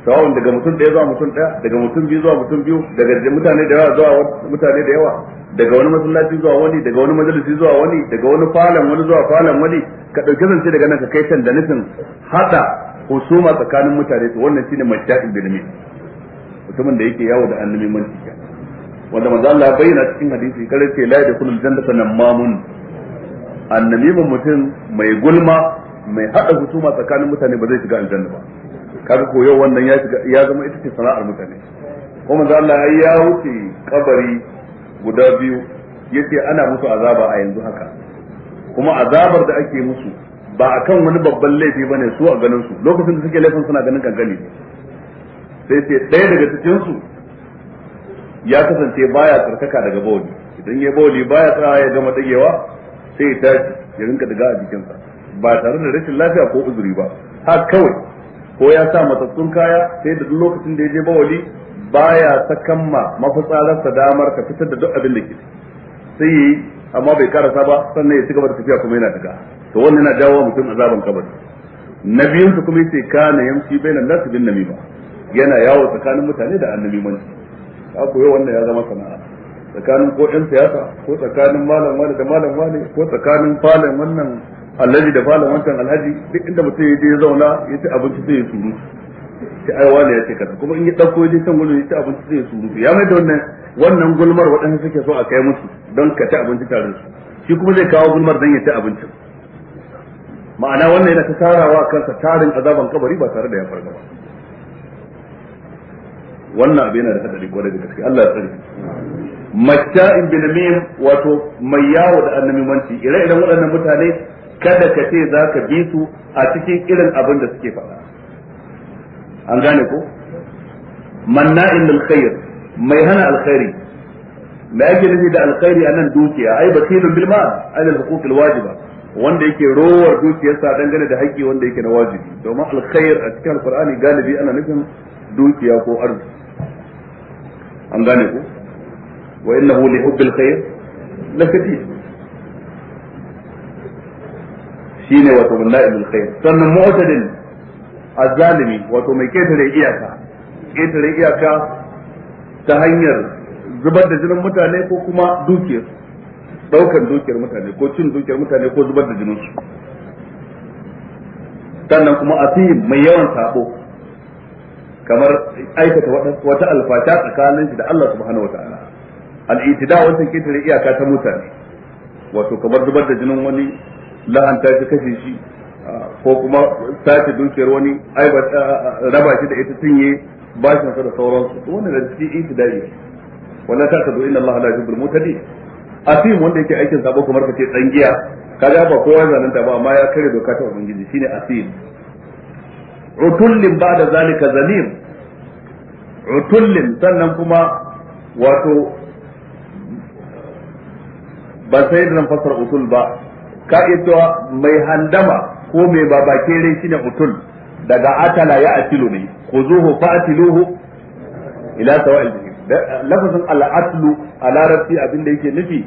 Speaker 1: sawon daga mutum ɗaya zuwa mutum ɗaya daga mutum biyu zuwa mutum biyu daga mutane da yawa zuwa mutane da yawa daga wani masallaci zuwa wani daga wani majalisi zuwa wani daga wani falon wani zuwa falon wani ka ɗauki zance daga nan ka kai can da nufin haɗa husuma tsakanin mutane to wannan shine majalisin bilmi mutumin da yake yawo da annabi manci wanda manzo Allah bayyana cikin hadisi kare ce la yadkhulul jannata namamun annabi mutum mai gulma mai hada hutuma tsakanin mutane ba zai shiga aljanna ba kaga ko yau wannan ya shiga ya zama ita ce sana'ar mutane kuma manzo Allah ya wuce kabari guda biyu yace ana musu azaba a yanzu haka kuma azabar da ake musu ba akan wani babban laifi bane su a ganin su lokacin da suke laifin suna ganin kankani sai ce ɗaya daga cikin su ya kasance baya tsarkaka daga bawli idan ya bawli baya tsaya ya gama dagewa sai ya tashi ya rinka daga a jikinsa ba tare da rashin lafiya ko uzuri ba har kawai ko ya sa matattun kaya sai da duk lokacin da ya je bawali baya ta kamma mafitsararsa damar ka fitar da duk abin da ke sai yi amma bai karasa ba sannan ya ci gaba da tafiya kuma yana daga to wannan yana jawo mutum azaban kabari na biyun su kuma yace kana yamshi nan nasu bin namima yana yawo tsakanin mutane da annamimanci ka koyo wannan ya zama sana'a tsakanin ko ɗan siyasa ko tsakanin malam wani da malam wani ko tsakanin falon wannan alhaji da falon wancan alhaji duk inda mutum ya je ya zauna ya ci abinci sai ya suru shi ai wani ya ce kaza kuma in ya dauko ya je can gudu ya ci abinci sai ya suru ya mai da wannan wannan gulmar waɗanda suke so a kai musu don ka ci abinci tare su shi kuma zai kawo gulmar don ya ci abincin ma'ana wannan yana ta tarawa kansa tarin azaban kabari ba tare da ya farga ba wannan abu yana da hadari kwarai da gaske Allah ya tsare matta'in bin mim wato mai yawo da annabi manci ire-iren waɗannan mutane kada ka ce za ka bi su a cikin irin abin da suke faɗa an gane ko manna'in alkhair mai hana alkhairi me ake nufi da alkhairi a nan dukiya ai basilun bil bilma, al huquq al wajiba wanda yake rowar sa dangane da haƙƙi wanda yake na wajibi domin alkhair a cikin alqur'ani galibi ana nufin dukiya ko arziki an gane ku? wa innahu li hubbil khair lakatif shine wato wallahi bil khair sannan mu'tadin azzalimi wato mai ketare iyaka ketare iyaka ta hanyar zubar da jinin mutane ko kuma dukiyar daukan dukiyar mutane ko cin dukiyar mutane ko zubar da jinin su sannan kuma asim mai yawan sabo kamar aikata wata alfata tsakanin shi da Allah subhanahu wataala al-itida wannan ketare iyaka ta mutane wato kamar zubar da jinin wani la'anta shi kashe shi ko kuma sace dukiyar wani ai ba raba shi da ita tunye ba shi da sauransu to wannan da cikin itidai wannan ta tabo inna Allah la yuhibbul mutadi asim wanda yake aikin sabo kamar kace tsangiya kaga ba kowa ta ba amma ya kare doka ta ubangiji shine asim utullin ba'da zalika zalim utullin sannan kuma wato ba sai da nan fasar utul ba ka cewa mai handama ko mai babake rai shine mutul daga atala ya atilu ne khuzuhu fa atiluhu ila sawa'il lafazin al-atlu a larabci abin da yake nufi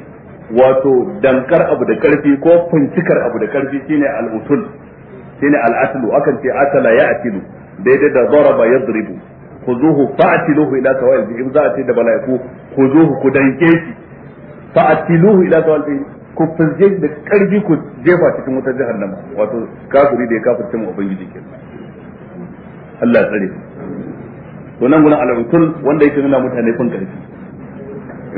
Speaker 1: wato dankar abu da karfi ko fincikar abu da karfi shine al-utul shine al-atlu akan ce atala ya atilu daidai da daraba yadribu khuzuhu fa atiluhu ila sawa'il jahim za a ce da ku khuzuhu ku danke shi fa atiluhu ila sawa'il jahim ku fizge da karfi ku jefa cikin wutar jahannama wato kafiri da ya kafirce mu ubangiji kenan Allah ya tsare to nan gurin al'usul wanda yake nuna mutane kun karfi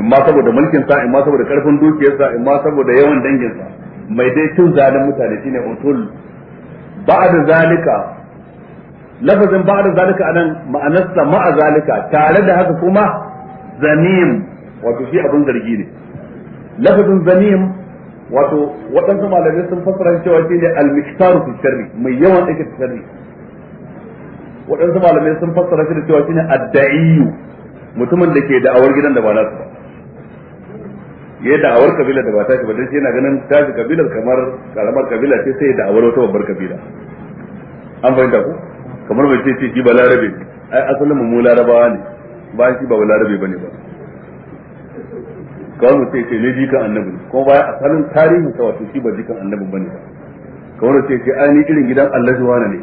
Speaker 1: in ma saboda mulkin sa in ma saboda karfin sa in ma saboda yawan danginsa mai dai cin zalin mutane shine utul ba'da zalika lafazin ba'da zalika anan ma'anarsa ma'a zalika tare da haka kuma zanim wato shi abun zargi ne lafazin zanim wato waɗansu malamai sun fassara cewa shi ne almiktaru fi sharri mai yawan aikata sharri waɗansu malamai sun fassara shi da cewa shi ne adda'iyu mutumin da ke da'awar gidan da ba nasu ba ya da'awar kabila da ba ta ba dan shi yana ganin tashi kabilar kamar karamar kabila ce sai ya da'awar wata babbar kabila an fahimta ku kamar mai ce shi ba larabe ai asalin mu larabawa ne ba shi ba larabe bane ba Kawai sai ce ne jikan annabi kuma baya asalin tarihin sa wato shi ba jikan annabi bane ba kawo sai ce ai ni irin gidan Allah wana ne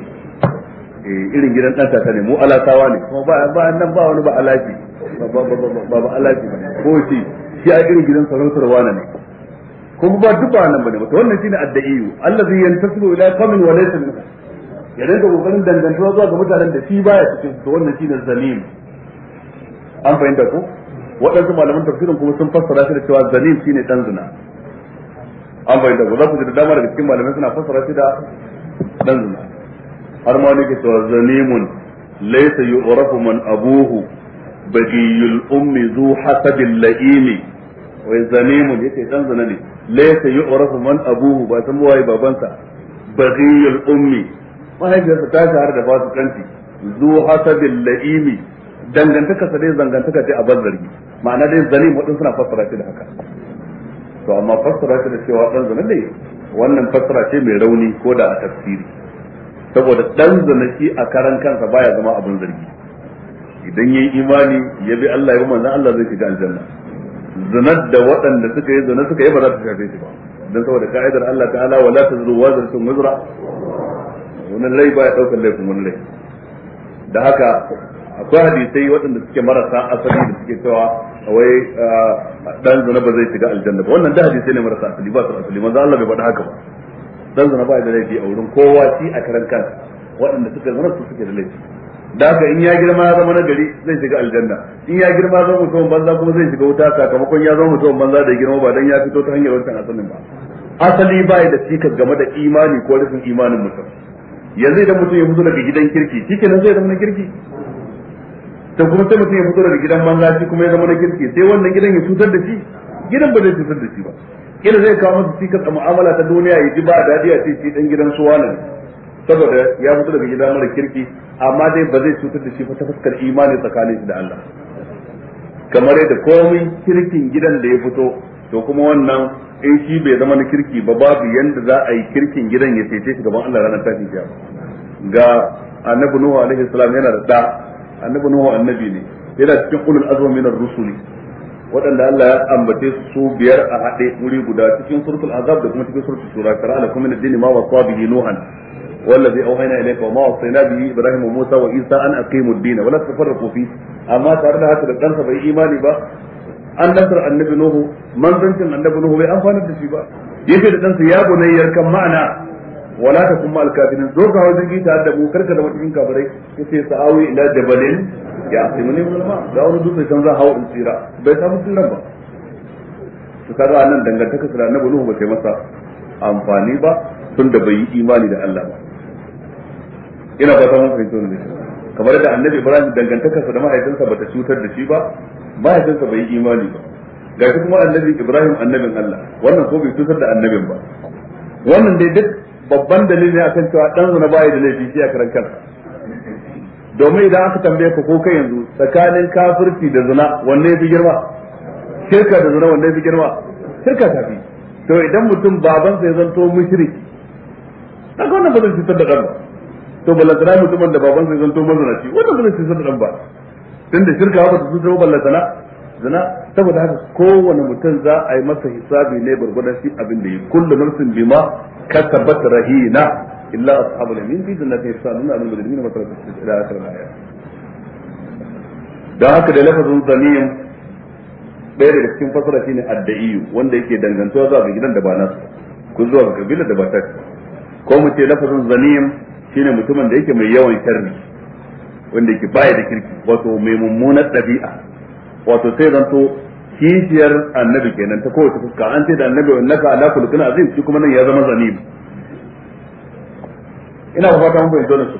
Speaker 1: eh irin gidan dan tata ne mu alatawa ne ko ba ba nan ba wani ba alaji ba ba ba ba alaji ba ko shi shi a irin gidan sarautar wana ne kuma ba duk ba nan bane ba wannan shine addaiyu allazi yantasibu ila qawmin wa laysa minhum ya rinka kokarin dangantuwa zuwa ga mutanen da shi baya cikin to wannan shine zalim an fahimta ko waɗansu malaman tafsirin kuma sun fassara shi da cewa zanin shine dan zina an bai da ba za ku ji da dama daga cikin malamai suna fassara shi da dan zina har ma wani ke cewa zanimun laysa yu'rafu man abuhu bagiyul ummi zu hasabil la'imi wai zanimun yake dan zina ne laysa yu'rafu man abuhu ba san waye babansa bagiyul ummi mahaifiyarsa ta shahara da basu kanti zu hasabil la'imi dangantaka sa dai zangantaka ce a bar zargi ma'ana dai zalim wadin suna fassara shi da haka to amma fassara shi da cewa dan zina ne wannan fassara ce mai rauni ko da a tafsiri saboda dan zina shi a karan kansa baya zama abin zargi idan yayi imani ya bi Allah ya manzo Allah zai shiga aljanna Zanar da waɗanda suka yi zina suka yi ba za ta shafe shi ba dan saboda ka'idar Allah ta'ala wala tazru wazratun wazra wannan lai baya daukar laifin wani lai da haka akwai hadisai waɗanda suke marasa asali da suke cewa wai ah, dan zina ba zai shiga aljanna ba wannan da hadisi ne marasa asali ba su asali manzo Allah bai faɗa haka ba dan zina ba da laifi a wurin kowa shi a karan kan waɗanda suka zina su suke da laifi da haka in ya girma ya zama nagari zai shiga aljanna in ya girma zama mutumin banza kuma zai shiga wuta sakamakon ya zama mutumin banza da girma ba dan ya fito ta hanyar wancan asalin ba asali ba da cikas game da imani ko rufin imanin mutum yanzu idan mutum ya fito daga gidan kirki shi kenan zai zama na kirki da kuma sai mutum ya fito daga gidan manza shi kuma ya zama na kirki sai wannan gidan ya cutar da shi gidan ba zai cutar da shi ba kila zai kawo masa cikas a mu'amala ta duniya ya ji ba dadi a ce shi dan gidan su wani saboda ya fito daga gidan mara kirki amma dai ba zai cutar da shi ba ta fuskar imani tsakanin da Allah kamar yadda komai kirkin gidan da ya fito to kuma wannan in shi bai zama na kirki ba babu yadda za a yi kirkin gidan ya cece shi gaban Allah ranar tashin kiyama ga annabi nuhu alaihi salam yana da da annabi nuhu annabi ne yana cikin ulul azmi minar rusuli waɗanda Allah ya ambace su biyar a haɗe wuri guda cikin suratul azab da kuma cikin suratul sura kara ala kuma min ma wasa bihi nuhan wallazi awhayna ilayka wa ma wasayna bihi ibrahim wa musa wa isa an aqimu ad-din wa la tafarraqu fi amma tare da haka da kansa bai imani ba an nasar annabi nuhu manzancin annabi nuhu bai amfana da shi ba yake da kansa ya bunayyar kan ma'ana wala ta kuma alkafin zo ka wajen gita da mu karka zama cikin kafirai yace sa'awi ila jabalin ya asimuni min ma da wani dutse can za hawo in tsira bai samu tsiran ba to kaga nan dangantaka sura na bulu ba sai masa amfani ba tun da bai yi imani da Allah ba ina ba ta mun fahimta ne kamar da annabi Ibrahim dangantaka sa da mahaifinsa bata cutar da shi ba mahaifinsa bai yi imani ba gashi kuma annabi Ibrahim annabin Allah wannan ko bai cutar da annabin ba wannan dai duk babban ne akan cewa dan zuna bai da laifi shi a karan kansa domin idan aka tambaye ka ko kai yanzu tsakanin kafirci da zuna wanne yafi girma shirka da zuna wanne yafi girma shirka ta fi to idan mutum baban sai zanto mushriki kaga wannan bazan zai cutar da dan ba to ballantana mutumin da baban sai zanto mazunaci wannan bazan zai cutar da dan ba tunda shirka ba ta cutar ba zina saboda haka kowane mutum za a yi masa hisabi ne gurgurdan shi abin da yi kullu nafsin bima kasabat rahina illa ashabul yamin fi jannatin yasaluna anil mujrimina wa tarakatul ila akhir al-ayat dan haka da lafazin zamim ɗaya daga cikin fasara shine adda'iyu wanda yake dangantuwa zuwa ga gidan da ba nasu ku zuwa ga kabila da ba ta ko mu ce lafazin zanim shine mutumin da yake mai yawan sharri wanda yake baya da kirki wato mai mummunar ɗabi'a wato sai zanto kishiyar annabi kenan ta kowace fuska an ce da annabi innaka ala kulli azim shi kuma nan ya zama zalim ina ba fata mun bai dole su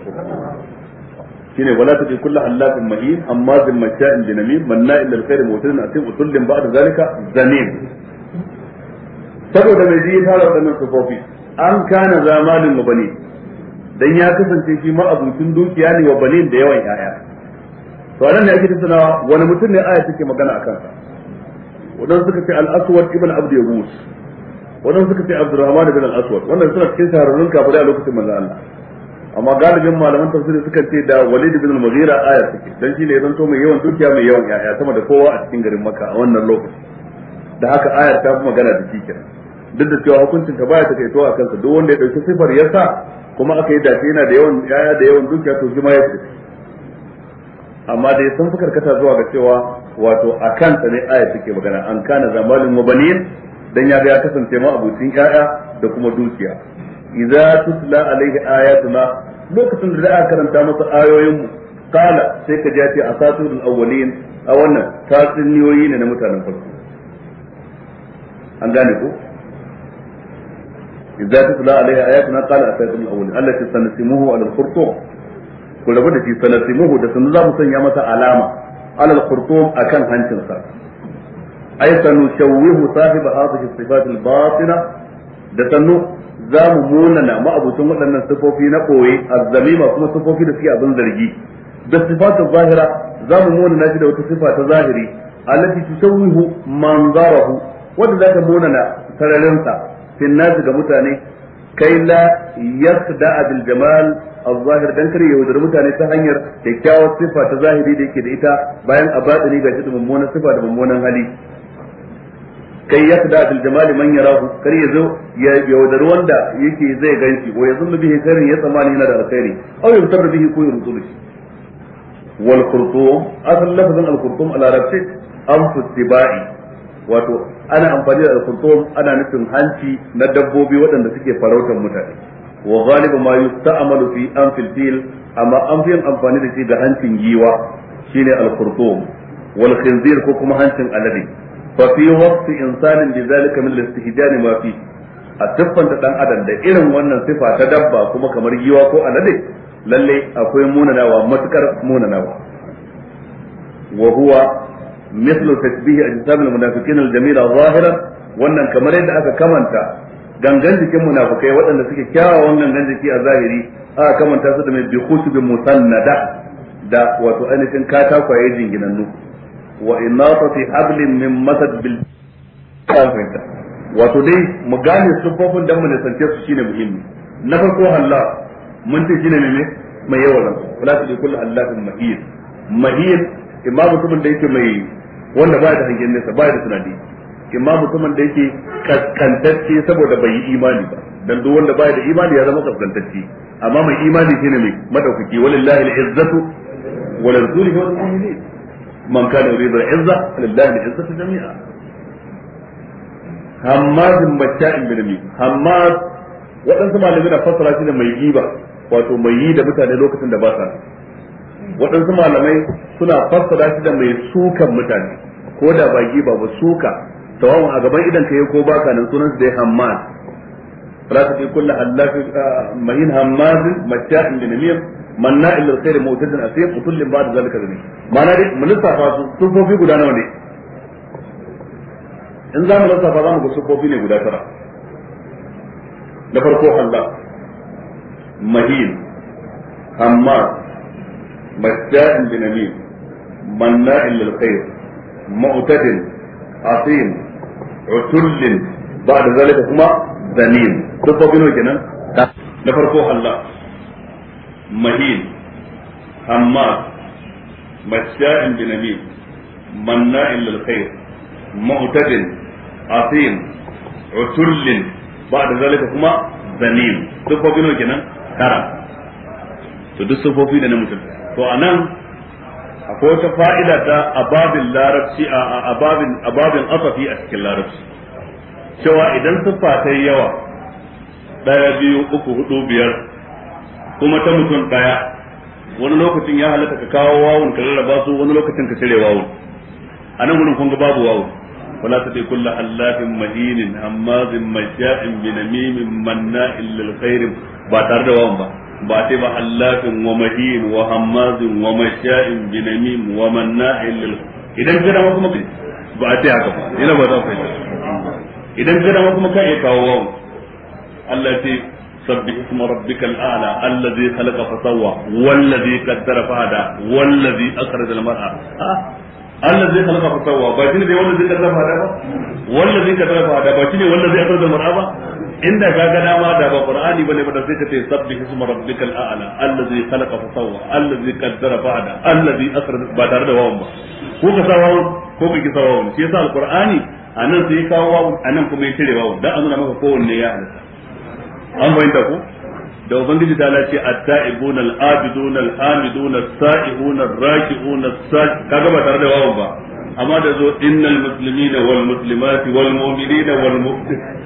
Speaker 1: shine wala tafi kullu allafin mahin amma zin masha'in dinamin manna illa alkhair mutadin atim utullin ba'da zalika zalim saboda mai ji tara wadannan sufofi an kana zamalin mabani dan ya kasance shi ma abincin dukiya ne wa banin da yawan yaya to nan ne ake tattaunawa wani mutum ne aya take magana a kansa wannan suka ce al-aswad ibn abd yabus wannan suka ce abdurrahman ibn al-aswad wannan suna cikin shahararrun kafirai a lokacin manzo Allah amma galibin malaman tafsiri suka ce da walid ibn al-mughira aya take dan ne ya zanto mai yawan dukiya mai yawan yaya sama da kowa a cikin garin makka a wannan lokaci da haka ayar ta fi magana da shi kenan duk da cewa hukuncin ta baya to a kansa duk wanda ya dauki sifar yasa kuma aka yi dace yana da yawan yaya da yawan dukiya to shi ma ya amma dai sun fi karkata zuwa ga cewa wato a kansa ne aya take magana an kana zamalin mabanin dan ya ga ya kasance ma abucin yaya da kuma dukiya idza tutla alaihi ayatuna lokacin da aka karanta masa ayoyin mu kala sai ka ji a asatul awwalin a wannan niyoyi ne na mutanen farko an gane ko idza tutla alaihi ayatuna qala asatul awwalin allati sanasimuhu a al-khurtum ku rabu da shi muhu da sanu za mu sanya masa alama alal khurtum akan hancinsa ay sanu shawwihu sahib hadhihi sifat al batina da sanu za mu munana abutun waɗannan sifofi na koye azzalima kuma sifofi da suke abin zargi da sifatu zahira za mu munana shi da wata sifa ta zahiri allati tusawwihu manzarahu wanda zaka munana sararinsa fin nasi ga mutane kai la yasda bil jamal al-zahir dan kare yau da mutane ta hanyar kyakkyawar sifa ta zahiri da yake da ita bayan a batini ga shi mummunan sifa da mummunan hali kai yasda bil jamal man yarahu kar ya zo ya yaudar wanda yake zai ganshi ko ya zunnu bihi khairin ya tsamani yana da alkhairi aw yusarru bihi ko yurzu bihi wal qurtum asal lafzan al qurtum al arabti anfu tibai wato ana amfani da alkhurtum ana nufin hanci na dabbobi waɗanda suke farautar mutane wa ghalibu ma yusta'malu fi anfil fil amma an fi amfani da shi ga hancin giwa shine alkhurtum wal khinzir ko kuma hancin alade fa fi waqti insanin bi zalika min al-istihdan ma fi a siffanta dan adam da irin wannan sifa ta dabba kuma kamar giwa ko alade lalle akwai munanawa matukar munanawa wa huwa mislu tasbihi ajsamil munafiqina al-jamila zahiran wannan kamar yadda aka kamanta gangan jikin munafikai waɗanda suke kyawawan gangan jiki a zahiri aka kamanta su da mai bi khusubin musannada da wato ainihin katakwaye jinginannu wa inna fi min bil wato dai mu gane sufofin dan mu sanke su shine muhimmi na farko Allah mun ce shine ne mai yawan wala ta kullu Allahin mahid mahid imam mutumin da yake mai wanda baya da hangen nesa baya da tunani imma mutumin da yake kaskantacce saboda bai yi imani ba dan duk wanda baya da imani ya zama kaskantacce amma mai imani shine mai madaukaki walillahi al-izzatu wa lirrasulihi wal mu'minin man kana yuridu al-izza lillahi al-izzatu jami'a hammad matta'in bil mi hammad wadansu malamai na fasara shi da mai giba wato mai yi da mutane lokacin da ba sa waɗansu malamai suna fassara shi da mai sukan mutane ko da baki ba ba suka tawon a gaban idan kai ko baka nan sunan su dai hammas rasu fi kullu allafi ah, mahin hammas matta'in bin namim manna'il lil khair mu'tadin asif kullin ba'da zalika zalim mana dai mun lissafa su sufofi guda nawa ne in za mu lissafa za mu ga sufofi ne guda tara na farko Allah mahin hammas مشاء بنميم مناء للخير معتد عظيم عتل بعد ذلك هما ذليل تفضل كنا نفرقوا الله مهين هماس مشاء بنميم مناء للخير معتد عظيم عتل بعد ذلك هما ذليل تفضل كنا ترى to duk sufofi da na mutum to anan akwai wata fa'ida ta ababin larabci a ababin ababin asafi a cikin larabci cewa idan siffa ta yi yawa daya biyu uku hudu biyar kuma ta mutum daya wani lokacin ya halatta ka kawo wawun ka rarraba su wani lokacin ka cire wawun a nan wurin kun ga babu wawun ولا تطع كل حلاف مهين هماز مجاء بنميم مناء للخير ba tare da wawan ba ba sai ba hallafin wa mahin wa hammazin wa masha'in binamim wa manna'in lil idan kana ma kuma ba sai haka ba ina ba za ku yi idan kana ma kuma ka iya kawo wa Allah ya ce sabbi isma rabbikal a'la allazi khalaqa fa sawwa wallazi qaddara fa hada wallazi akhraja al mar'a ah, allazi khalaqa fa sawwa ba shine dai wallazi qaddara fa da ba wallazi qaddara fa da. ba shine wallazi akhraja al mar'a ba inda ka ga dama da ba qur'ani bane ba da sai ka ce sabbihi isma rabbikal a'la allazi khalaqa fa sawwa allazi qaddara fa ada allazi asra ba tare da wawan ba ko ka sa wawan ko ka ki sa wawan shi yasa alqur'ani anan sai ka wawan anan kuma ya cire wawan dan azuna maka kowanne ya halatta an bayyana ku. da ubangiji ta lace at-ta'ibuna al-abiduna al-hamiduna as-sa'ihuna ar-raki'una as-saj kaga ba tare da wawan ba amma da zo innal muslimina wal muslimati wal mu'minina wal mu'minat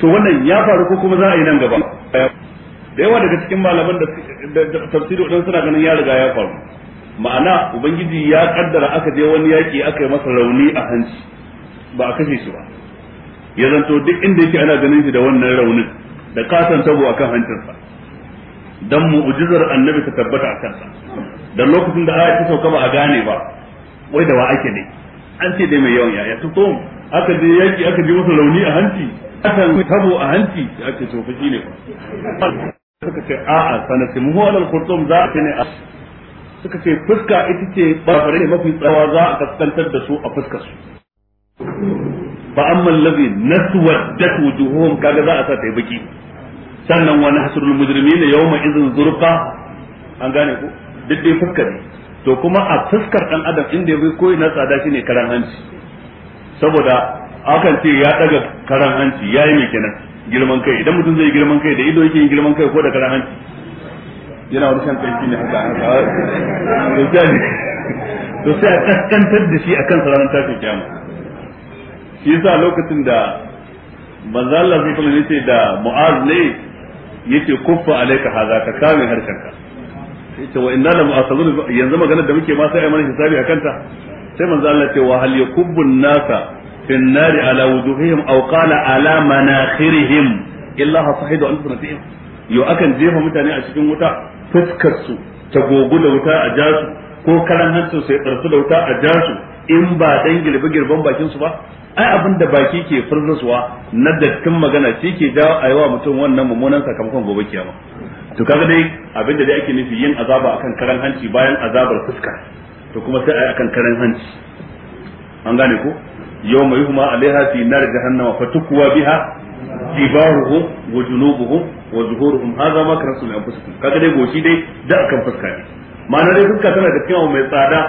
Speaker 1: to wannan ya faru ko kuma za a yi nan gaba da yawa daga cikin malaman da tafsiri wadanda suna ganin ya riga ya faru ma'ana ubangiji ya kaddara aka je wani yaki aka yi masa rauni a hanci ba a kashe shi ba ya zanto duk inda yake ana ganin shi da wannan raunin da katon tabo akan hancinsa don mu'ujizar annabi ta tabbata a kansa Da lokacin da aya ta sauka ba a gane ba wai da wa ake ne an ce dai mai yawan yaya ta aka je yaki aka je masa rauni a hanci akan tabo a hanci ya ce to fashi ne suka ce a'a sanati mu alal qurtum za a tene a suka ce fuska ita ce bafare ne mafi tsawa za a kaskantar da su a fuskar su ba amma allazi naswaddat wujuhum kaga za a sa ta baki sannan wani hasrul mujrimin yawma idhin zurqa an gane ko duk dai fuska ne to kuma a fuskar dan adam inda ya koi koyi na tsada shine karan hanci saboda akan ce ya daga karan hanci yayi mai kenan girman kai idan mutum zai girman kai da ido yake girman kai ko da karan hanci yana wani shan kai ne haka to sai a kaskantar da shi akan ranar tashin kiyama shi yasa lokacin da manzo Allah zai kula yace da Mu'az ne yace kuffa alayka haza ka kame harkarka yace wa inna la asabun yanzu magana da muke ma sai ai mana hisabi akan ta sai manzo Allah ce wa hal yakubbu nasa في النار على وجوههم أو قال على مناخرهم إلا صحيح أن سنتهم yau akan jefa mutane a cikin wuta fuskar ta wuta a jasu ko karan hancin su ya da wuta a jasu in ba dan girbe girban bakin su ba ai abin da baki ke furzusuwa na dattin magana shi ke jawo a yawa mutum wannan mummunan sakamakon gobe kiyama to kaga dai abin da dai ake nufi yin azaba akan karan hanci bayan azabar fuska to kuma sai ai akan karan hanci an gane ko يوم يهما عليها في نار جهنم fatukwa biha dibaruhum وجنوبهم وظهورهم هذا ما hadha ma karasu كذا anfusikum kaga dai goshi dai da ما fuska ne ma'ana fuska tana da kyau mai tsada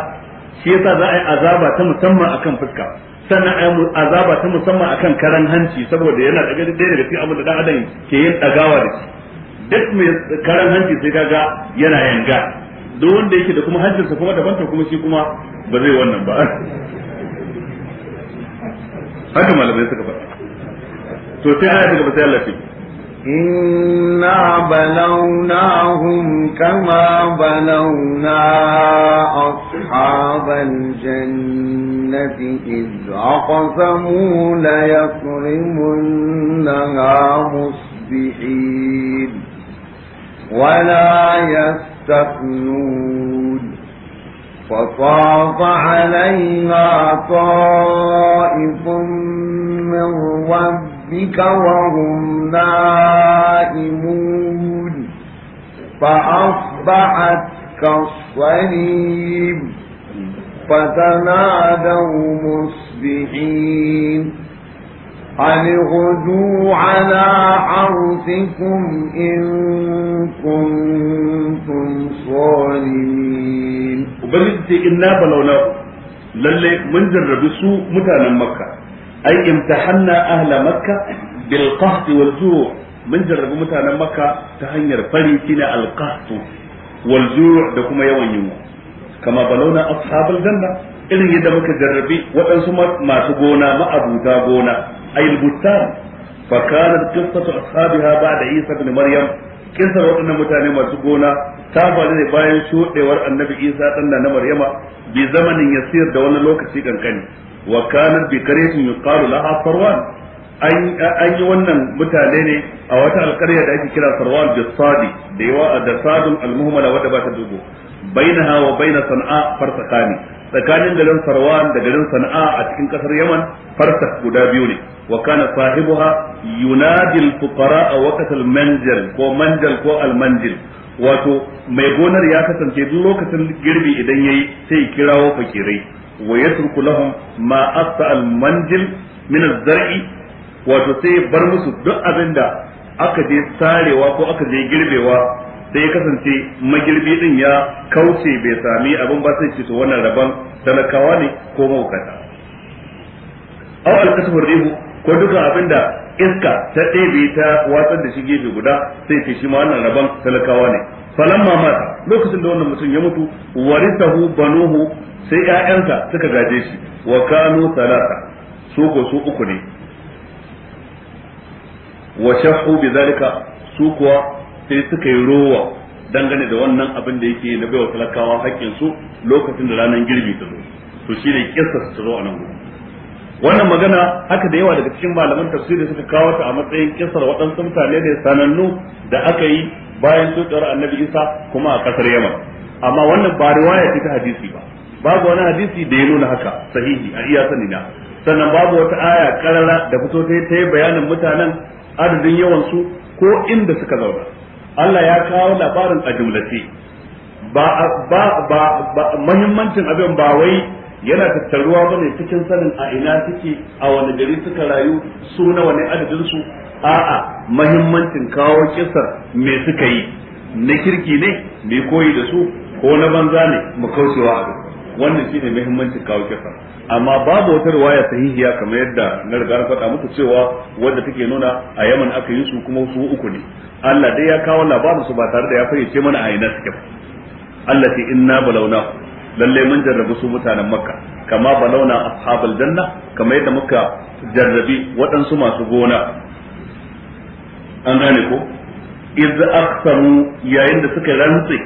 Speaker 1: shi yasa za a yi azaba ta musamman akan fuska sannan a azaba ta musamman akan karan hanci saboda yana daga daga cikin da ke yin dagawa da shi duk mai karan hanci sai kaga yana yanga duk wanda yake da kuma hancinsa kuma daban to kuma shi kuma ba zai wannan ba haka malamai suka faɗa
Speaker 2: to sai aya daga sai Allah ce inna balawnahum kama balawna ashabal jannati iz aqsamu la yakrimunna musbihin ولا يستثنون فطاف عليها طائف من ربك وهم نائمون فأصبحت كالصليب فتنادوا مصبحين أن اغدوا على حرثكم إن كنتم صالمين وبنجد إنا بلوناه
Speaker 1: للي من جربسوا متانا مكة أي امتحنا أهل مكة بالقهط والجوع من جربوا متانا مكة تهنير فريقنا القهط والجوع دكما يوم يوم كما بلونا أصحاب الجنة إذن يدمك جربي وأنسوا ما تقونا ما أبوتا قونا أي البستان فكانت قصة أصحابها بعد عيسى بن مريم قصة وأن متانة ما تقولنا تابع لنا باين شوء ور النبي عيسى أن مريم بزمن يسير دولة لوكسي كان كان وكانت بقرية يقال لها صروان an yi wannan mutane ne a wata alkarya da ake kira sarwan bisadi da yawa da sadun almuhmala wadda ba ta dubo bainaha wa baina sana'a farsakani tsakanin garin sarwan da garin sana'a a cikin ƙasar yaman farsak guda biyu ne وكان صاحبها ينادي الفقراء وقت المنجل كو منجل كو المنجل wato mai gonar ya kasance duk lokacin girbi idan yayi sai kirawo fakirai wa yatruku lahum ma asta al manjil min al zar'i wato sai bar musu duk abinda aka je sarewa ko aka je girbewa sai ya kasance magirbi din ya kauce bai sami abin ba sai ce to wannan rabon talakawa ne ko mawukata aw al kasbu rihu ko dukkan abin da iska ta ɗebe ta watsar da shi gefe guda sai ce shi ma wannan rabon talakawa ne falan mata lokacin da wannan mutum ya mutu warisahu banuhu sai ƴaƴansa suka gaje shi wa kanu salasa su ko su uku ne wa shahu bizalika su kuwa sai suka yi rowa dangane da wannan abin da yake na baiwa talakawa haƙƙin su lokacin da ranar girbi ta zo to shine kissa su zo a nan gurin wannan magana haka da yawa daga cikin malaman tafsiri suka kawo ta a matsayin kisar waɗansu mutane ne sanannu da aka yi bayan tsotsar annabi isa kuma a ƙasar yaman amma wannan ba riwaya ce ta hadisi ba babu wani hadisi da ya nuna haka sahihi a iya sanina sannan babu wata aya karara da fito ta yi bayanin mutanen adadin yawan su ko inda suka zauna Allah ya kawo labarin a jumlace ba ba ba muhimmancin abin ba wai yana tattaruwa ba ne cikin sanin a ina suke a wani gari suka rayu su na wani adadin su a'a mahimmancin kawo kisa me suka yi na kirki ne me koyi da su ko na banza ne mu kaucewa abu wannan shine muhimmancin kawo kisa amma babu wata riwaya sahihiya kamar yadda na riga na faɗa muku cewa wanda take nuna a Yaman aka yi su kuma su uku ne Allah dai ya kawo labarin su ba tare da ya fayyace mana a ina suke ba Allah sai inna balawna lalle mun jarrabu su mutanen makka kama balauna ashabal janna kama yadda muka jarrabi waɗansu masu gona an gane ko iz aqsamu yayin da suka rantse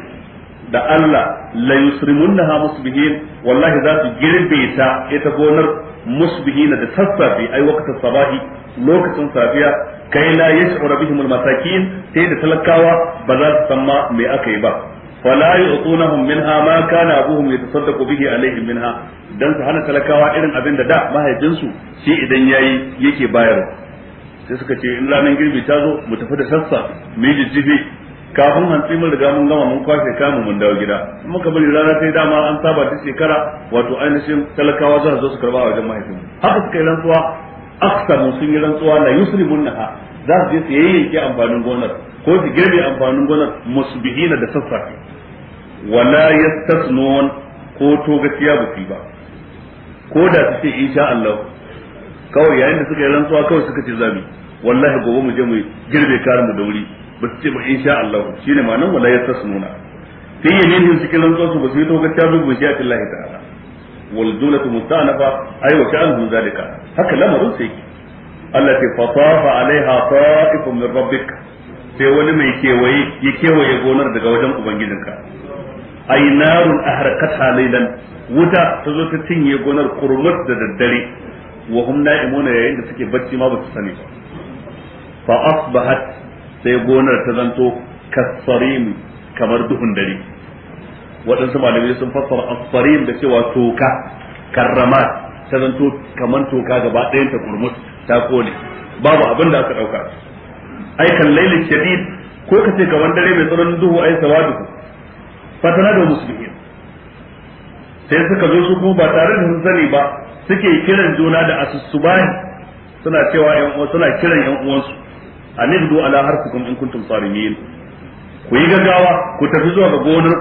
Speaker 1: da Allah la yusrimunha musbihin wallahi za su girbe ta ita gonar musbihina da sassafe ai waqtas sabahi lokacin safiya kai la yash'uru bihim almasakin sai da talakawa ba za su san ma me aka yi ba fala yu'tunahum minha ma kana abuhum yatasaddaqu bihi alaihim minha dan su hana talakawa irin abin da da mahaifinsu shi idan yayi yake bayarwa sai suka ce in ranar girbi ta zo mu tafi da sassa mu yi jijjibi kafin hantsi mun riga mun gama mun kwashe kamu mun dawo gida ka bari rana sai dama an saba ta shekara wato ainihin talakawa za zo su karba wajen mahaifin haka suka yi rantsuwa aksa sun yi rantsuwa la yusrimunha za su je su yayyanke amfanin gonar ko su girbe amfanin gonar musbihina da sassafe wala yastasnun ko to gaciya ba ba ko da su ce insha Allah kawai yayin da suka yi rantsuwa kawai suka ce zabi wallahi gobe mu je mu girbe karin mu da wuri ba su ce ba insha Allah shine ma'anar wala yastasnuna yi yaminin suke rantsuwa su ba su yi to gaciya ba bi shi Allah ta'ala wal dulatu mustanafa ay wa sha'anu zalika haka lamarin sai Allah ta fatafa alaiha ta'ifun min rabbika sai wani mai kewaye ya kewaye gonar daga wajen ubangijinka ai narun aharkat halilan wuta ta zo ta cinye gonar kurmus da daddare wa hum na'imuna yayin da suke bacci ma ba su sani ba fa asbahat sai gonar ta zanto kasarim kamar duhun dare waɗansu malamai sun fassara asfarim da cewa toka karramat ta zanto kamar toka gaba ɗayan ta kurmus ta kone babu abin da aka ɗauka ai kan laili shadid ko ka ce kamar dare mai tsananin duhu ai sawadu fatana da muslimin sai suka zo su kuma ba tare da sun sani ba suke kiran juna da asussubani suna cewa suna kiran yan uwansu anibdu ala harfikum in kuntum sarimin ku yi gaggawa ku tafi zuwa ga gonar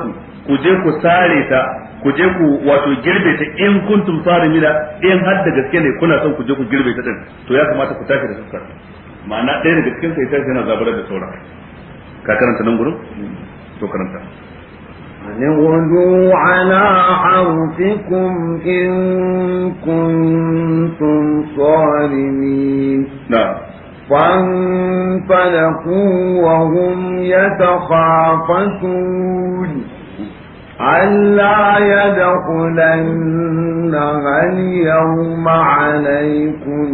Speaker 1: ku je ku sare ta ku je ku wato girbe ta in kuntum sarimina in har da gaske ne kuna son ku je ku girbe ta din to ya kamata ku tafi da sassarfe ma'ana ɗaya daga cikin sai tashi yana zabarar da sauran ka karanta nan gurin to karanta
Speaker 2: غدوا على حرفكم إن كنتم صارمين نعم فانطلقوا وهم يتخافتون ألا يدخلنها اليوم عليكم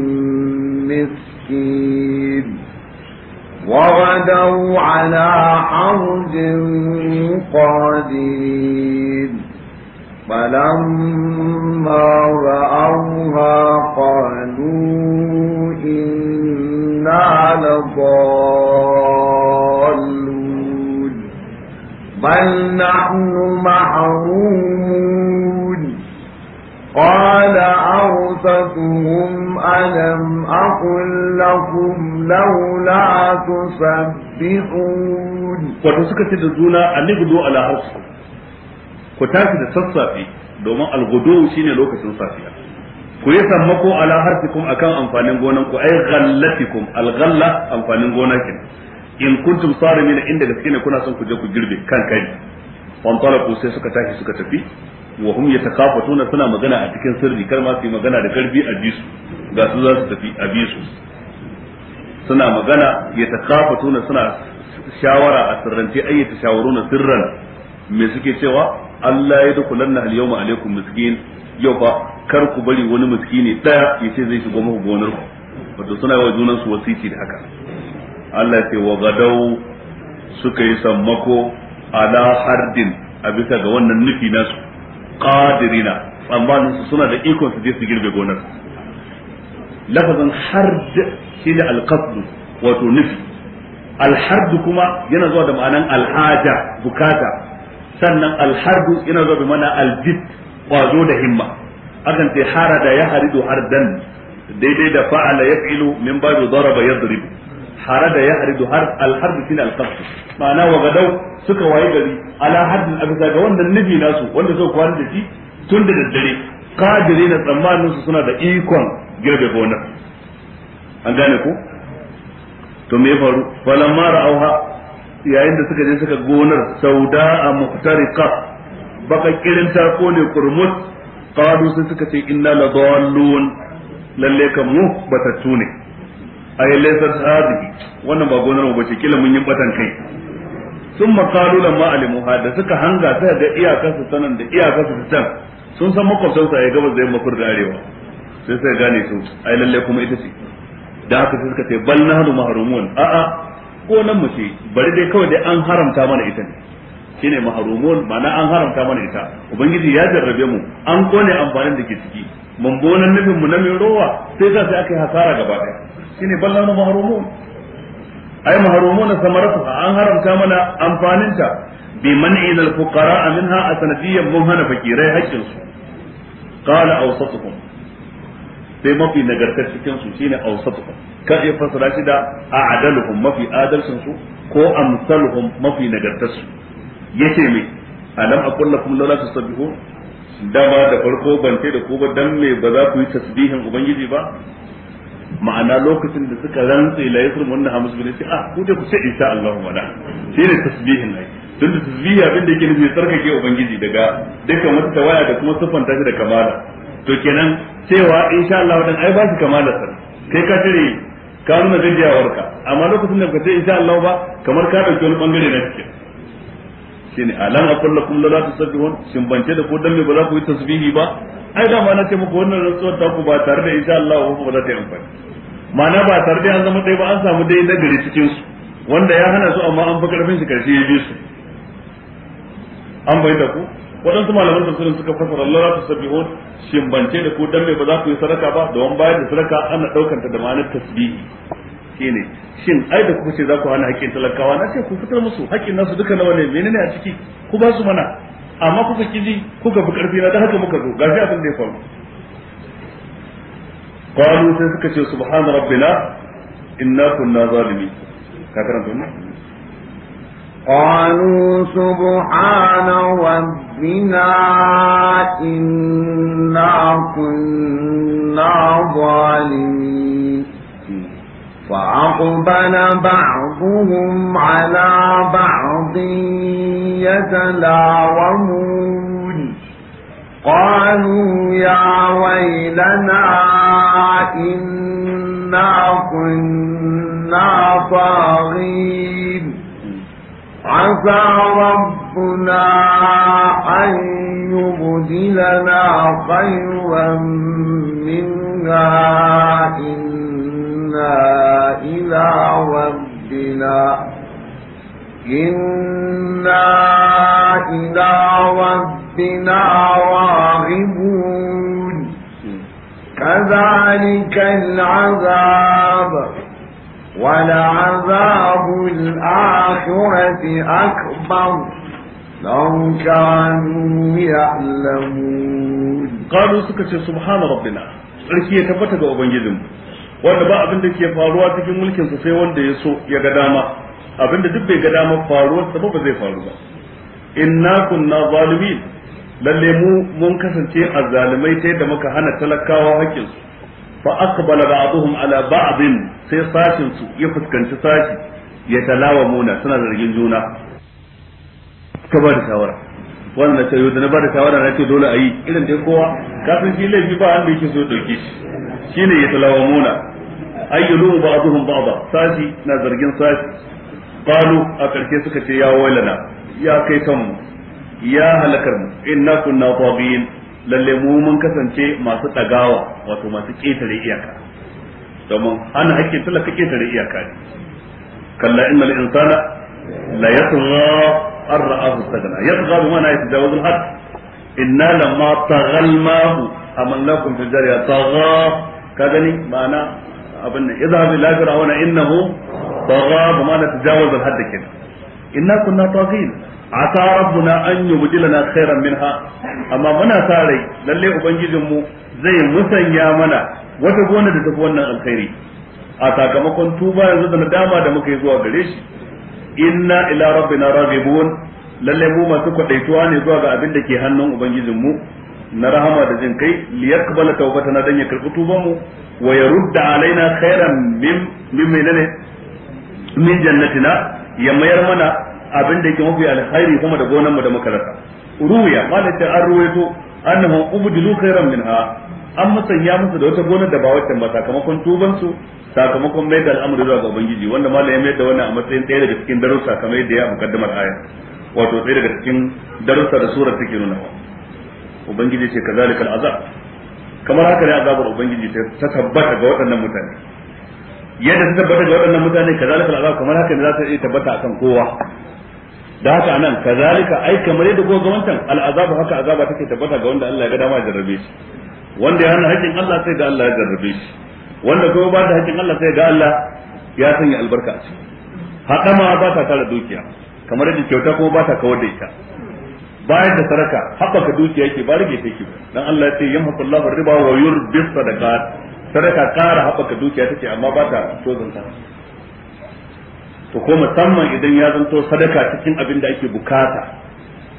Speaker 2: مصر مسكين وغدوا على حرد قادرين فلما رأوها قالوا إنا لضالون بل نحن محرومون قال أرثتهم ألم أقل لكم لولا تسبحون وتسكت الدولة
Speaker 1: أن يبدو على أرثهم كتاكد السصافي domin algudu shine lokacin safiya ku yi sammako ala harfikum akan amfanin gonan ku ay ghallatikum alghalla amfanin gona kin in kuntum sarimin inda gaske ne kuna son ku je ku girbe kan kai fantalaqu suka tashi suka tafi wa hum yatakafatuna suna magana a cikin sirri kar ma su magana da karfi a bisu ga su za su tafi a bisu suna magana yatakafatuna suna shawara a sirrance ta shawaruna sirran me suke cewa Allah ya dukulanna al-yawma alaikum miskin yau fa kar ku bari wani miskini daya yace zai shigo muku gonar ku wato suna yawa junan su wasiti da haka Allah ce wa gadau suka yi sammako ala hardin a bisa ga wannan nufi nasu qadirina tsammanin su suna da ikon su je su girbe gonar lafazin hard shine alqasd wato nufi alhard kuma yana zuwa da ma'anan alhaja bukata sannan alhardu yana zuwa da ma'ana aljid kwazo da himma akan ce hara da ya haridu hardan daidai da fa'ala yaf'ilu min babu daraba yadribu harada ya haridu har alharbi shine alqasd ma'ana wa gadau suka waye gari ala haddin abisa ga wannan nabi nasu wanda suka kwana da shi tun da daddare kadire na tsammanin su suna da ikon girbe gonar an gane ko to me ya faru falamma ra'auha yayin da suka je suka gonar Sauda a muftariqa baka kirin ta kone kurmut qalu sai suka ce inna ladallun lalle kan mu batattu ne ay laysa hadhihi wannan ba gonar ba ce kila mun yi batan kai sun makalu lamma alimuha da suka hanga sai ga iyakar su sanan da iyakar su can sun san makwabtan sa ya gaba zai makur da arewa sai sai gane su ai lalle kuma ita ce da haka sai suka ce bal nahnu mahrumun a a ko nan mu ce bari dai kawai dai an haramta mana ita ne shine mahrumun ma'ana an haramta mana ita ubangiji ya jarrabe mu an kone amfanin da ke ciki mambonan nufin mu na mai rowa sai sai aka yi hasara gaba daya shine ballanu mahrumun ai mahrumun samaratu an haramta mana amfanin ta bi man'in al fuqara minha asanadiyan mun hana fakirai haƙƙin su qala awsatukum sai mafi nagartar cikin su shine awsatukum kan iya fassara shi da a'daluhum mafi adalcin su ko amsaluhum mafi nagartar su yace me alam aqul lakum la tasbihun dama da farko ban ce da ku ba dan me ba za ku yi tasbihin ubangiji ba ma'ana lokacin da suka rantsi la yasrum wannan hamus bin sai ah ku da ku sai insha Allah wala shine tasbihin ai duk da tasbihi abin da yake nufi tsarkake ubangiji daga dukkan wata tawaya da kuma siffanta shi da kamala to kenan cewa insha Allah dan ai ba shi kamala sai kai ka tare ka nuna gajiyawarka amma lokacin da ka ce insha Allah ba kamar ka dauke wani bangare na cikin shine alam aqulla kum la tasbihun shin bance da ko dan me ba za ku yi tasbihi ba ai da ma na ce muku wannan rantsuwar ta ku ba tare da insha Allah ba za ta yi amfani ma'ana ba tare da an zama ɗaya ba an samu dai nagari cikin su wanda ya hana su amma an fi karfin shi karshe ya bi su an bai da ku waɗansu malaman tafsirin suka fasara Allah ta hon shimbance da ku dan me ba za ku yi sadaka ba don bayar da sadaka ana daukar ta da ma'anar tasbihi shine shin ai da kuka ce za ku hana haƙƙin talakawa na ce ku fitar musu haƙƙin nasu duka nawa ne menene a ciki ku ba su mana amma kuka kiji kuka fi karfi na ta haka muka zo gashi abin da ya faru قالوا تلك سبحان ربنا إنا كنا ظالمين كافرون
Speaker 2: قالوا سبحان ربنا إنا كنا ظالمين فأقبل بعضهم على بعض يتلاومون قالوا يا ويلنا إنا كنا طاغين عسى ربنا أن يبدلنا خيرا منها إنا إلى ربنا إنا إلى ربنا ربنا راغبون كذلك العذاب ولعذاب الآخرة أكبر لو كانوا يعلمون قالوا
Speaker 1: سكت سبحان ربنا sarki ya tabbata ga ubangijinmu wanda ba abin da ke faruwa cikin mulkin sa sai wanda ya so ya ga dama abin da duk bai ga dama faruwar sa ba zai faru ba inna kunna zalimin lalle mu mun kasance a azzalimai ta yadda muka hana talakawa hakkin su fa aqbala ba'dhum ala ba'dhin sai sashin su ya fuskanci sashi ya talawamuna suna zargin juna ka ba da shawara wannan ce yau da na ba da shawara na ce dole a yi irin dai kowa kafin shi laifi ba an da yake so dauke
Speaker 3: shi
Speaker 1: shine ya talawamuna ayyulu ba'dhum ba'dha sashi na zargin sashi qalu a karshe suka ce ya wailana ya kai kanmu ya halakar mu inna kunna taghin lalle mu mun kasance masu tagawa wato masu ketare iyaka domin ana hakkin ketare iyaka ne kalla innal insana la yatgha ar-ra'ahu yatgha bi ma'ana had inna lamma taghal jariya tagha ma'ana abin nan innahu tagha bi ma'ana had inna kunna asa rabbuna an yubdilana khairan minha amma muna sa rai lalle ubangijin mu zai musanya mana wata gona da tafi wannan alkhairi a sakamakon tuba yanzu da nadama da muka yi zuwa gare shi inna ila rabbina raghibun lalle mu masu kwadaituwa ne zuwa ga abin da ke hannun ubangijin mu na rahama da jin kai liyaqbala tawbatana dan ya karbi tuban mu wa yurda alaina khairan min mim min jannatina ya mayar mana abin da yake mafi alkhairi kuma da gonan mu da muka rasa ruya malaka an ruwaito annahu ubdilu khairan minha an musanya musu da wata gonar da ba waccan ba sakamakon tuban su sakamakon mai da al'amari zuwa ga ubangiji wanda malam ya mai da wannan a matsayin ɗaya daga cikin darussa kamar yadda ya mukaddamar aya wato ɗaya daga cikin darussa da surar take nuna ubangiji ce kazalika al'azab kamar haka ne azabar ubangiji ta tabbata ga waɗannan mutane yadda ta tabbata ga waɗannan mutane kazalika al'azab kamar haka ne za ta iya tabbata akan kowa da haka anan kazalika ai kamar yadda goga wancan al'azabu haka azaba take tabbata ga wanda Allah ya ga dama ya jarrabe shi wanda ya hana hakkin Allah sai ga Allah ya jarrabe shi wanda kuma ba da hakkin Allah sai ga Allah ya sanya albarka a ciki haɗama ba ta tara dukiya kamar yadda kyauta kuma ba ta kawar da ita bayan da saraka haɓaka dukiya yake ba rage take dan Allah ya ce yamhaqu Allahu riba wa yurbi sadaqat sadaka ƙara haɓaka dukiya take amma ba ta tozanta to ko musamman idan ya zanto sadaka cikin abin da ake bukata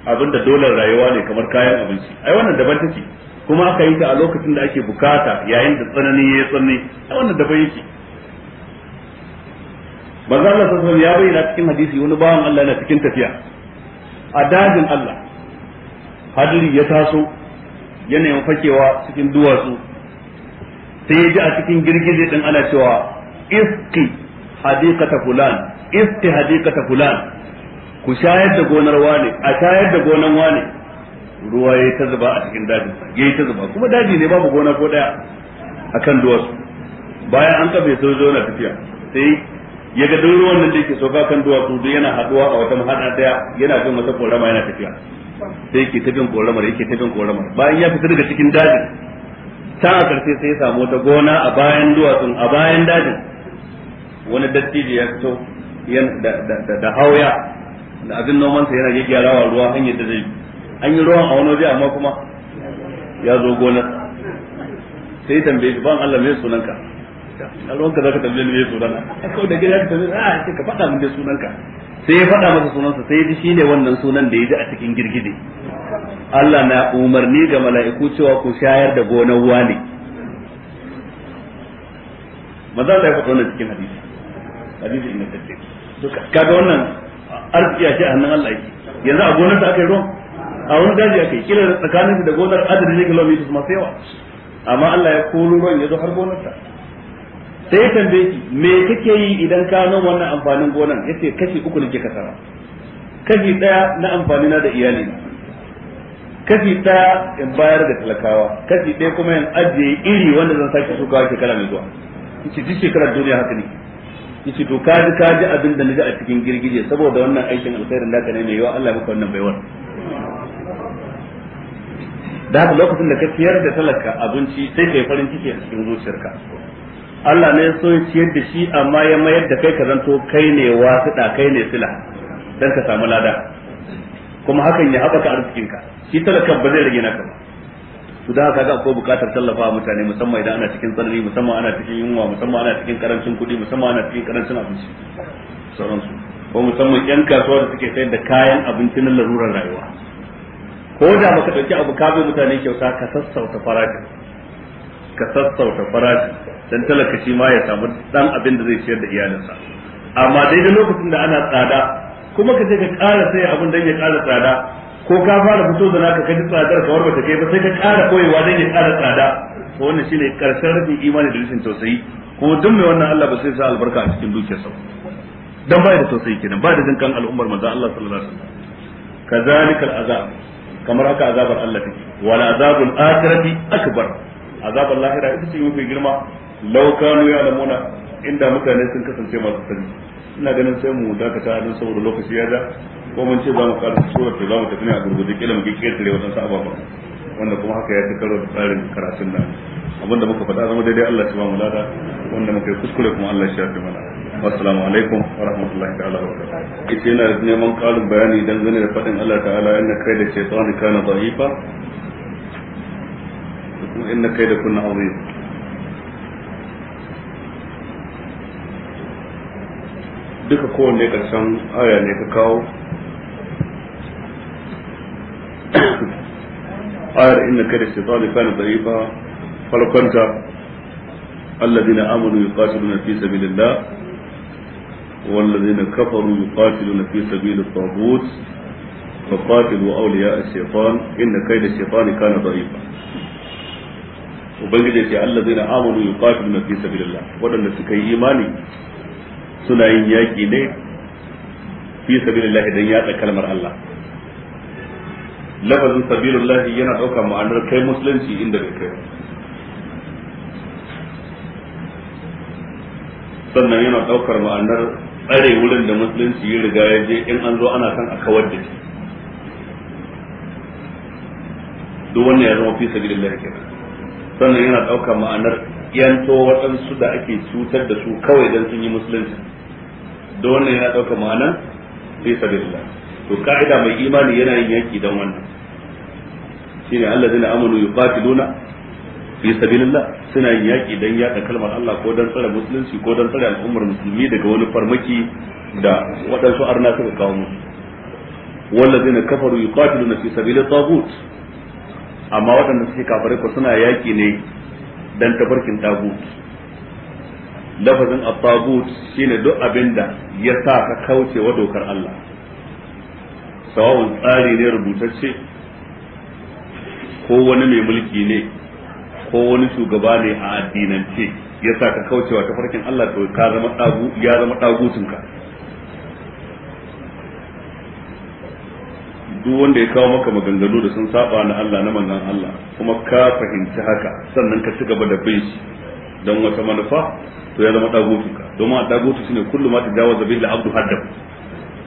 Speaker 1: abin da dole rayuwa ne kamar kayan abinci ai wannan daban take kuma aka yi ta a lokacin da ake bukata yayin da tsanani ya tsanani ai wannan daban yake manzo Allah sallallahu ya bayyana cikin hadisi wani bawan Allah yana cikin tafiya a dajin Allah hadiri ya taso yanayin fakewa cikin duwatsu sai ya ji a cikin girgije din ana cewa iski hadikata fulani isti hadiqata fulan ku shayar da gonar wane a shayar da gonar wane ruwa yayi ta zuba a cikin dajin yayi ta zuba kuma daji ne babu gona ko daya akan duwatsu bayan an kafe sojo na tafiya sai ya ga duk ruwan nan da yake sauka kan duwatsu duk yana haduwa a wata mahada daya yana bin wata korama yana tafiya sai yake ta bin koramar yake ta bin koramar bayan ya fita daga cikin dajin ta a karshe sai ya samu wata gona a bayan duwatsun a bayan dajin wani dattijo ya fito da hauya da abin nomansa yana gyaggyarawa ruwa hanyar da zai an yi ruwan a wani waje amma kuma
Speaker 3: ya zo gonar
Speaker 1: sai tambaye shi ban Allah mai sunanka a ruwanka za ka tambaye ni mai sunana a kawai da gida ka tambaye a ah, sai ka faɗa min da sunanka sai ya faɗa masa sunansa sai shi ne wannan sunan da ya ji a cikin girgide Allah na umarni ga mala'iku cewa ku shayar da gonar wani maza da ya faɗa wannan cikin hadisi hadisi ingantacce duka kaga wannan arziki a ce a hannun Allah yake yanzu a gonar da aka yi ruwan a wani daji aka yi kila tsakanin da gonar adadin ne kilomita masu yawa amma Allah ya koro ruwan ya zo har ta sai ya tambaye ki me kake yi idan ka nan wannan amfanin gonar yace kashi uku ke kasara kashi daya na amfani na da iyali kashi daya in bayar da talakawa kashi daya kuma in ajiye iri wanda zan sake shukawa shekara mai zuwa kici duk shekarar duniya haka ne yace to ka ji ka ji abin da naji a cikin girgije saboda wannan aikin alkhairin da ne mai yawa Allah maka wannan baiwar da haka lokacin da ka ciyar da talaka abinci sai kai farin ciki a cikin zuciyarka Allah ne so ya ciyar da shi amma ya mayar da kai ka zanto kai ne wasuɗa kai ne sila dan ka samu lada kuma hakan ya haɓaka arzikinka shi talakan ba zai rage naka ba su da kaga akwai bukatar tallafa mutane musamman idan ana cikin tsanani musamman ana cikin yunwa musamman ana cikin karancin kuɗi musamman ana cikin karancin abinci sauransu ko musamman yan kasuwa da suke sayar da kayan abinci na larurar rayuwa ko da baka dauki abu ka bai mutane kyauta ka sassauta farashi ka sassauta farashi dan talaka shi ma ya samu dan abin da zai ciyar da iyalinsa amma daidai lokacin da ana tsada kuma ka je ka ƙara sai abin dan ya ƙara tsada ko ka fara fito da naka kaji tsadar kawar bata kai ba sai ka kara koyewa dan ya ƙara tsada to wannan shine karshen rufin imani da rashin tausayi kuma duk mai wannan Allah ba sai sa albarka a cikin dukiyarsa dan bai da tausayi kenan ba da jin kan al'ummar manzo Allah sallallahu alaihi wasallam kazalika al'azab kamar haka azabar Allah take wal azabul akhirati akbar azabul lahira ita ce mafi girma law kanu ya'lamuna inda mutane sun kasance masu sani ina ganin sai mu dakata a don saboda lokaci ya da ko mun ce za mu karanta sura to za mu tafi ne a gurgurde kila mu ketare wadansu ababen wanda kuma haka ya ci karo da tsarin karatun nan abinda muka faɗa zama daidai Allah ya ba mu lada wanda muka yi kuskure kuma Allah ya fi mana assalamu alaikum wa rahmatullahi ta'ala wa barakatuh ita yana neman ƙarin bayani dan zane da faɗin Allah ta'ala inna kai da shaytani kana dha'ifa kuma inna kai da kunna azim duka kowanne karshen aya ne ka kawo ayar inna kada shaytanu kana dhaifa farkonta alladhina amanu yuqatiluna fi sabilillah والذين كفروا يقاتلون في سبيل الطاغوت فقاتلوا الشيطان كيد الشيطان كان ضعيفا ubangiji ce Allah waɗanda suka yi imani suna yin yaƙi ne fi idan yaɗa kalmar Allah lafazin lahi yana ɗaukar ma'anar kai musulunci inda bai kai sannan yana ɗaukar ma'anar tsare wurin da musulunci ya riga ya je in an zo ana kan a kawar da shi duk wannan ya zama fi sabilillahi kenan sannan yana ɗaukar ma'anar yanto waɗansu da ake cutar da su kawai don sun yi musulunci duk wannan yana ɗaukar ma'anar fi sabilillahi to ka'ida mai imani yana yin yaki dan wannan shine allazina amanu yuqatiluna fi sabilillah suna yin yaki dan yada kalmar Allah ko dan tsare musulunci ko dan tsare al'ummar musulmi daga wani farmaki da waɗansu arna suka kawo musu wallazina kafaru yuqatiluna fi sabilit tagut amma waɗanda suke kafare ko suna yaki ne dan tafarkin tagut lafazin at-tagut shine duk abinda ya sa ka kauce wa dokar Allah sawa'un tsari ne rubutacce ko wani mai mulki ne ko wani shugaba ne a addinance ya sa ka kaucewa ta farkin Allah to ka zama dagu ya zama dagutunka duk wanda ya kawo maka maganganu da sun saba na Allah na manzon Allah kuma ka fahimci haka sannan ka ci gaba da bin shi don wata manufa to ya zama dagutunka domin a dagutu shine kullu ma tajawaza bihi al-abdu haddahu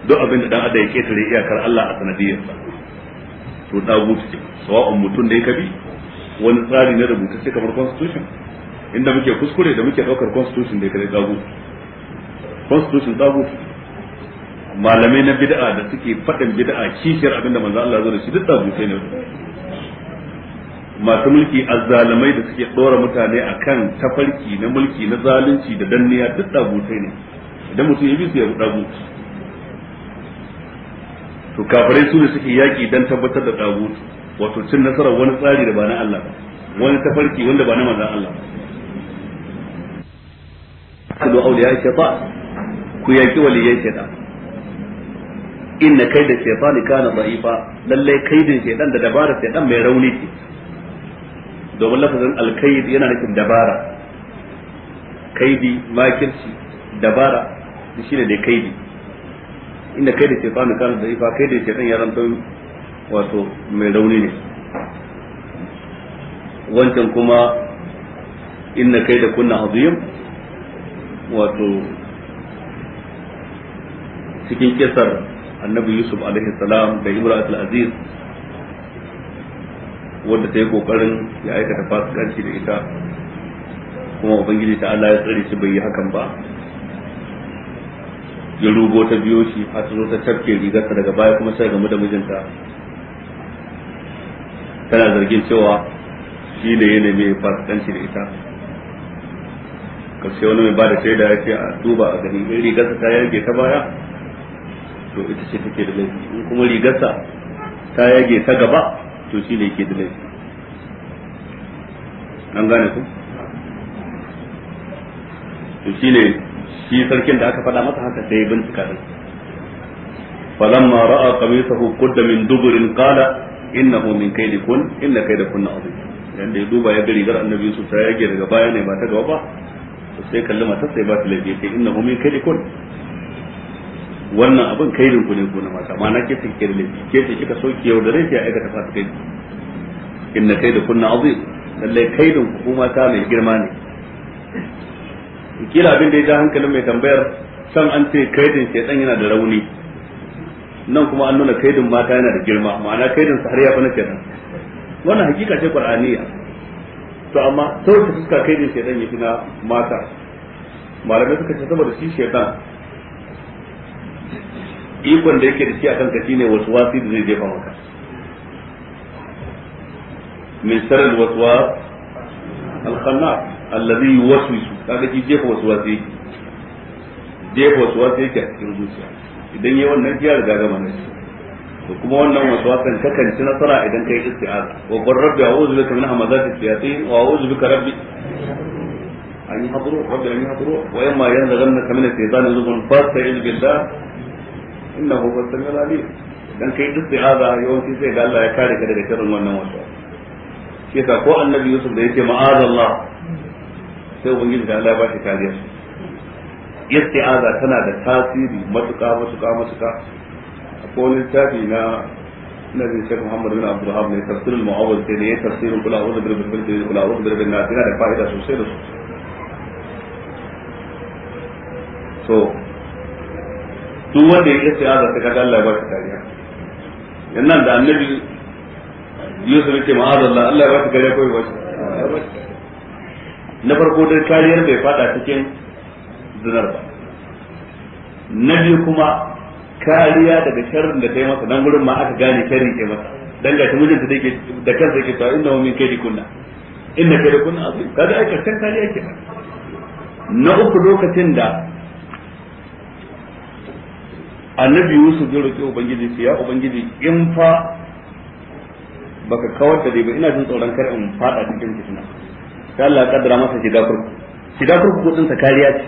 Speaker 1: duk abin da dan adam ya ketare iyakar Allah a sa to gutu ce sawa'un mutun da yake bi wani tsari na ce kamar constitution inda muke kuskure da muke daukar constitution da yake kare dagutu constitution dagutu malamai na bid'a da suke faɗin bid'a kishiyar abin da manzo Allah ya zo da shi duk sai ne masu mulki azzalamai da suke ɗora mutane a kan tafarki na mulki na zalunci da danniya duk sai ne idan mutum ya bi su ya dagutu to kafirai su ne suke yaki dan tabbatar da tagut wato cin nasarar wani tsari da ba na Allah ba wani tafarki wanda ba na manzon Allah ba kudu auliya shaytan
Speaker 3: ku yaki waliyan
Speaker 1: shaytan inna kaida shaytani kana da'ifa lalle kaidin shaytan da dabara shaytan mai rauni ce domin lafazin alkaid yana nufin dabara kaidi makirci dabara shi ne da kaidi inda kai da shaytanu kan da ifa kai da shaytan yaran zanto wato mai rauni ne wancan kuma inda kai da kunna azim wato cikin kisar annabi yusuf alaihi salam da ibrahim aziz wadda ta yi kokarin ya aikata fasikanci da ita kuma ubangiji ta Allah ya tsare shi bai yi hakan ba ya rubo ta biyo shi a zo ta tafke ta daga baya kuma sai gamu da mijinta tana zargin cewa shi ne yana mai fasikanci da ita karshe wani mai bada shaida ya ce a duba a gani in rigarsa ta yage ta baya to ita ce take da laifi in kuma rigarsa ta yage ta gaba to shi ne ke da laifi an gane ku to shi ne shi sarkin da aka faɗa masa haka sai bincika din falamma ra'a qamisahu qudda min duburin qala innahu min kaydikun inna kaydakunna azim da ya duba ya gari rigar annabi su ta yage daga baya ne ba ta gaba ba sai kalli matar sai ba ta laifi sai innahu min kaydikun wannan abin kaidin ku ne ku na mata mana ke take da laifi ke ce kika soke yau da laifi ya aikata fata kai inna kaydakunna azim lalle kaidin ku kuma ta mai girma ne kila abin da ya ja hankalin mai tambayar san an ce kaidin shedan yana da rauni nan kuma an nuna kaidin mata yana da girma ma'ana kaidin su har ya fi na shedan wannan hakika ce qur'aniya to amma sau da fuska kaidin shedan yafi na mata malamai suka ce saboda shi shedan ikon da yake da shi akan ka ne wasu wasi da zai jefa maka min sarar wasuwa al-khannas alladhi yuwaswisu kaga shi jefa wasu wasu yake jefa wasu wasu yake a cikin zuciya idan yayi wannan ya riga gama na shi to kuma wannan wasu wasan kakan ci nasara idan ka kai isti'aza wa qur rabbi a'udhu bika min hamazati shayatin wa a'udhu bika rabbi an yahduru rabbi an yahduru wa yamma yanzaghannaka min ash-shaytani nuzghun fasta'iz billah innahu huwa as-sami'ul 'alim dan kai isti'aza yawanci sai da Allah ya kare ka daga shirin wannan wasu shi yasa ko annabi Yusuf da yake ma'azallah sai ubangiji da Allah ya bashi kariya isti'aza tana da tasiri matuƙa matuƙa matuƙa a wani littafi na na bin Sheikh Muhammad bin Abdul ne tafsir al sai ne tafsir kula a'udhu bi rabbil falaq kula a'udhu bi na nas da fa'ida sosai da sosai so duk wanda ya isti'aza ta kaga Allah ya kariya yannan da annabi Yusuf yake ma'azallah Allah ya bashi kariya ko ya na farko dai kariyar bai fada cikin zinar ba na biyu kuma kariya daga sharrin da ta yi masa dan gurin ma aka gane sharrin ke masa dan ga mijinta da yake da kansa yake cewa inna min kai kunna inna kai kunna azu kaga ai karshen kariya ke na uku lokacin da annabi Yusuf ya roki ubangiji sai ya ubangiji in fa baka kawar da dai ba ina jin tsoron kar in fada cikin fitina sai Allah ya kaddara masa shiga kurkuku shiga kurkuku din sa kariya ce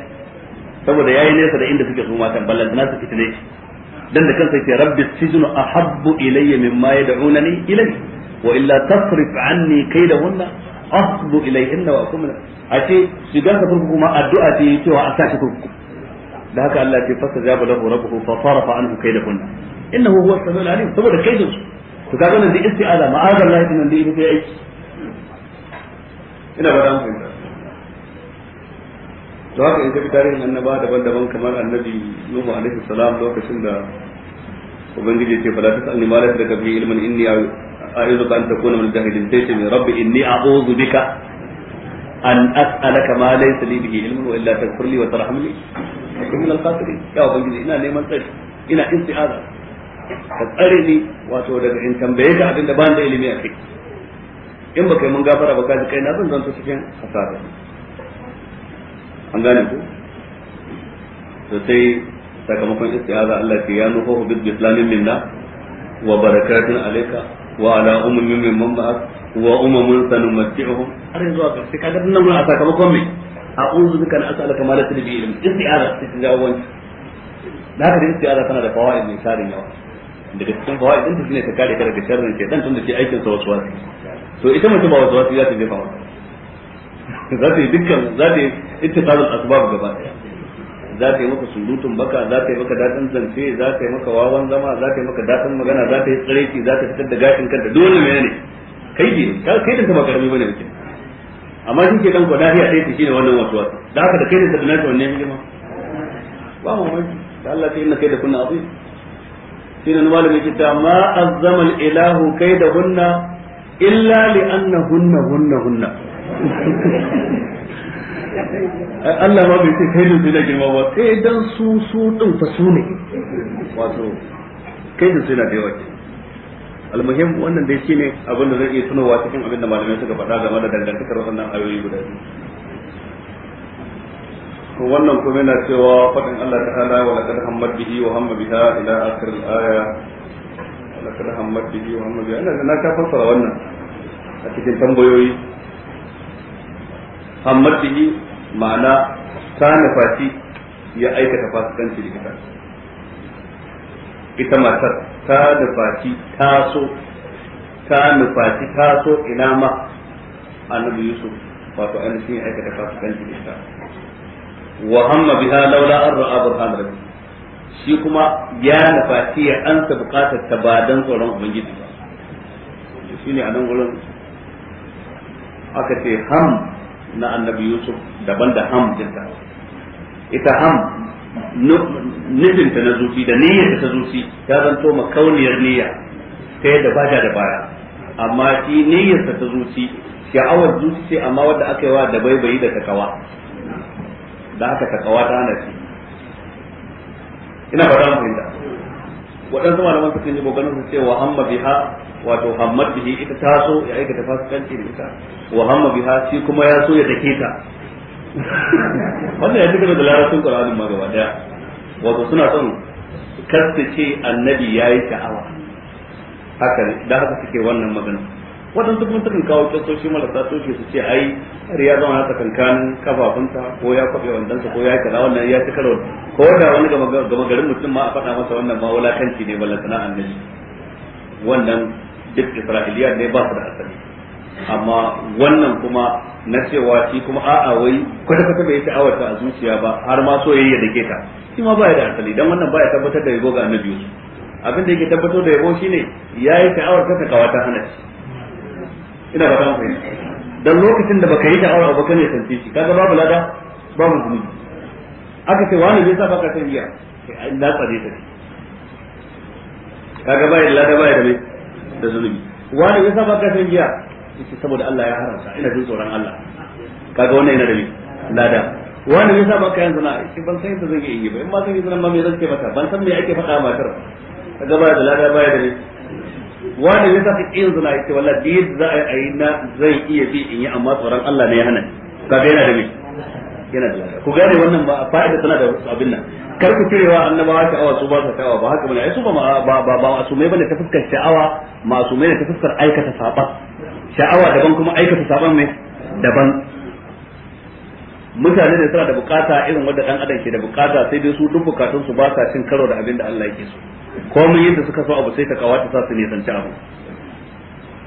Speaker 1: saboda yayi nesa da inda suke so matan ballantana su fitine shi dan da kansa yake rabbi sijnu ahabbu ilayya mimma yad'unani ilayhi wa illa tasrif anni kaydahunna asbu ilayhinna wa akum a ce shiga ka kurkuku ma addu'a ce cewa a sa shi kurkuku da haka Allah ce fasa jaba lahu rabbuhu fa sarafa anhu kaydahunna innahu huwa as-sami'ul alim saboda kaidin su to kaga nan da isti'aza ma'azallah din nan da yake aiki ina ba da fahimta to haka in tafi tarihin annaba daban-daban kamar annabi Nuhu alaihi salam lokacin da ubangiji ce fala tasalni ni malaka daga bi ilmin inni a'udhu an takuna min jahilin sai ce rabbi inni a'udhu bika an as'alaka ma laysa li bihi ilmun wa illa taghfir li wa tarhamni akun min al-khasirin ya ubangiji ina neman tsari ina isti'aza ka tsare ni wato daga in tambaye ka abinda ban da ilimi a kai in baka yi mun gafara ba kai na zan zanto cikin hasara an gane ku to sai sakamakon istiaza Allah ce ya nuhu bi islamin minna wa barakatun alayka wa ala ummin mimman ma'ak wa ummun sanumatti'uhum har yanzu ga sai kaga nan mun a sakamakon me a'udhu bika an as'aluka ma la tadbi ilm istiaza cikin jawon da haka istiaza tana da fawaid mai tarin yawa daga cikin fawaid ta shine ta kare ka daga sharrin ke dan tun da shi aikin sa wasu wasu to ita mace ba wasu wasu za ta jefa mata za ta yi dukkan za ta yi ittisalul asbab gaba daya za ta yi maka surutun baka za ta yi maka daɗin zance za ta yi maka wawan zama za ta yi maka daɗin magana za ta yi tsareki za ta fitar da gashin kanta dole mene ne kai ne kai din ta ba karami bane mutum amma shi ke dan kwa dahiya ɗaya ta shine wannan wasu wasu da haka da kai din ta da nashi wannan hidima ba mu mai da Allah ta na kai da kunna azim shine malami ke ta ma azzama ilahu kai da kunna. illa li annahunna hunna hunna Allah ma bai ce kai ne suna girma ba sai dan
Speaker 2: su su din fa su ne
Speaker 1: wato kai da suna da yawa almuhim wannan dai shine abin da zai iya tunowa cikin abin da malamai suka faɗa game da dangantakar wannan ayoyi guda biyu to wannan kuma yana cewa faɗin Allah ta'ala wa laqad hammad bihi wa hamma biha ila akhir al-aya lakar hamad bihi wa hamad bihi ana na ta fassara wannan a cikin tambayoyi hamad bihi ma'ana ta nufaci ya aikata fasikanci da ita ita matar ta nufaci ta so ta nufaci ta so ina ma annabi yusuf wato ainihin aikata fasikanci da ita wa hamma biha laula an ra'a burhan rabbi shi kuma ya nufaci ya ansa bukatar ta ba don tsoron ubangiji ba shi ne a nan wurin aka ce ham na annabi yusuf daban da ham jinta ita ham nufinta na zuci da niyyar ta zuci ta zanto makauniyar niyya ta yadda bada da baya amma shi niyyarsa ta zuci sha'awar zuci ce amma wadda aka yi wa da baibayi da takawa da aka takawa ta hana shi ina ba mu fahimta waɗansu malaman suka yi kokarin su cewa wa hamma biha wato hammad bihi ita ta so ya aikata fasikanci da ita wa hamma biha shi kuma ya so ya dake ta wannan ya fi da larabcin qur'anin ma gaba daya wato suna son kasta ce annabi yayi sha'awa haka da haka suke wannan magana waɗansu kuma sukan kawo kisoshi marasa soshi su ce ai riya zama na tsakankanin kafafunta ko ya kwaɓe wandansa ko ya kaza wannan ya ci karo ko da wani gama garin mutum ma a faɗa masa wannan ma wulakanci ne wala sana ne wannan duk isra'iliya ne ba su da asali amma wannan kuma na cewa shi kuma a'a wai kwata kwata bai sha'awar ta a zuciya ba har ma soyayya yayi da ke ta shi ma ya da asali dan wannan ba ya tabbatar da yabo ga annabiyu abin da yake tabbatar da yabo shine yayi yi ta ta kawata hana shi
Speaker 3: ina ba ta mu fahimta
Speaker 1: dan lokacin da baka yi da'awar abu ba kane sanci shi kaga babu lada babu zunubi aka ce wani zai sa baka san iya sai an latsa ne sai kaga bai lada bai da da zunubi wani zai sa baka san iya sai saboda Allah ya haramta ina jin tsoron Allah kaga wannan yana da lada wani zai sa baka yanzu na shi ban san yadda zan yi ba in ma zan yi zanen ma me zan ce maka ban san me ake faɗa matar kaga bai da lada bai da wani ne zaka iya zina yake wallahi diyar za a yi na zai iya bi in yi amma tsoron Allah ne ya hana ka ga yana da me yana da lafiya ku gane wannan ba a fa'ida tana da abin nan kar ku cirewa annabawa sha'awa su ba su sha'awa ba haka bane ai su ba ba ba masumai bane ta fuskar sha'awa masumai ne ta fuskar aikata saba sha'awa daban kuma aikata saban mai daban mutane ne suna da bukata irin wanda dan adam ke da bukata sai dai su duk bukatun su ba sa cin karo da abin da Allah yake so komai yadda suka so abu sai ta kawata sa su ne san abu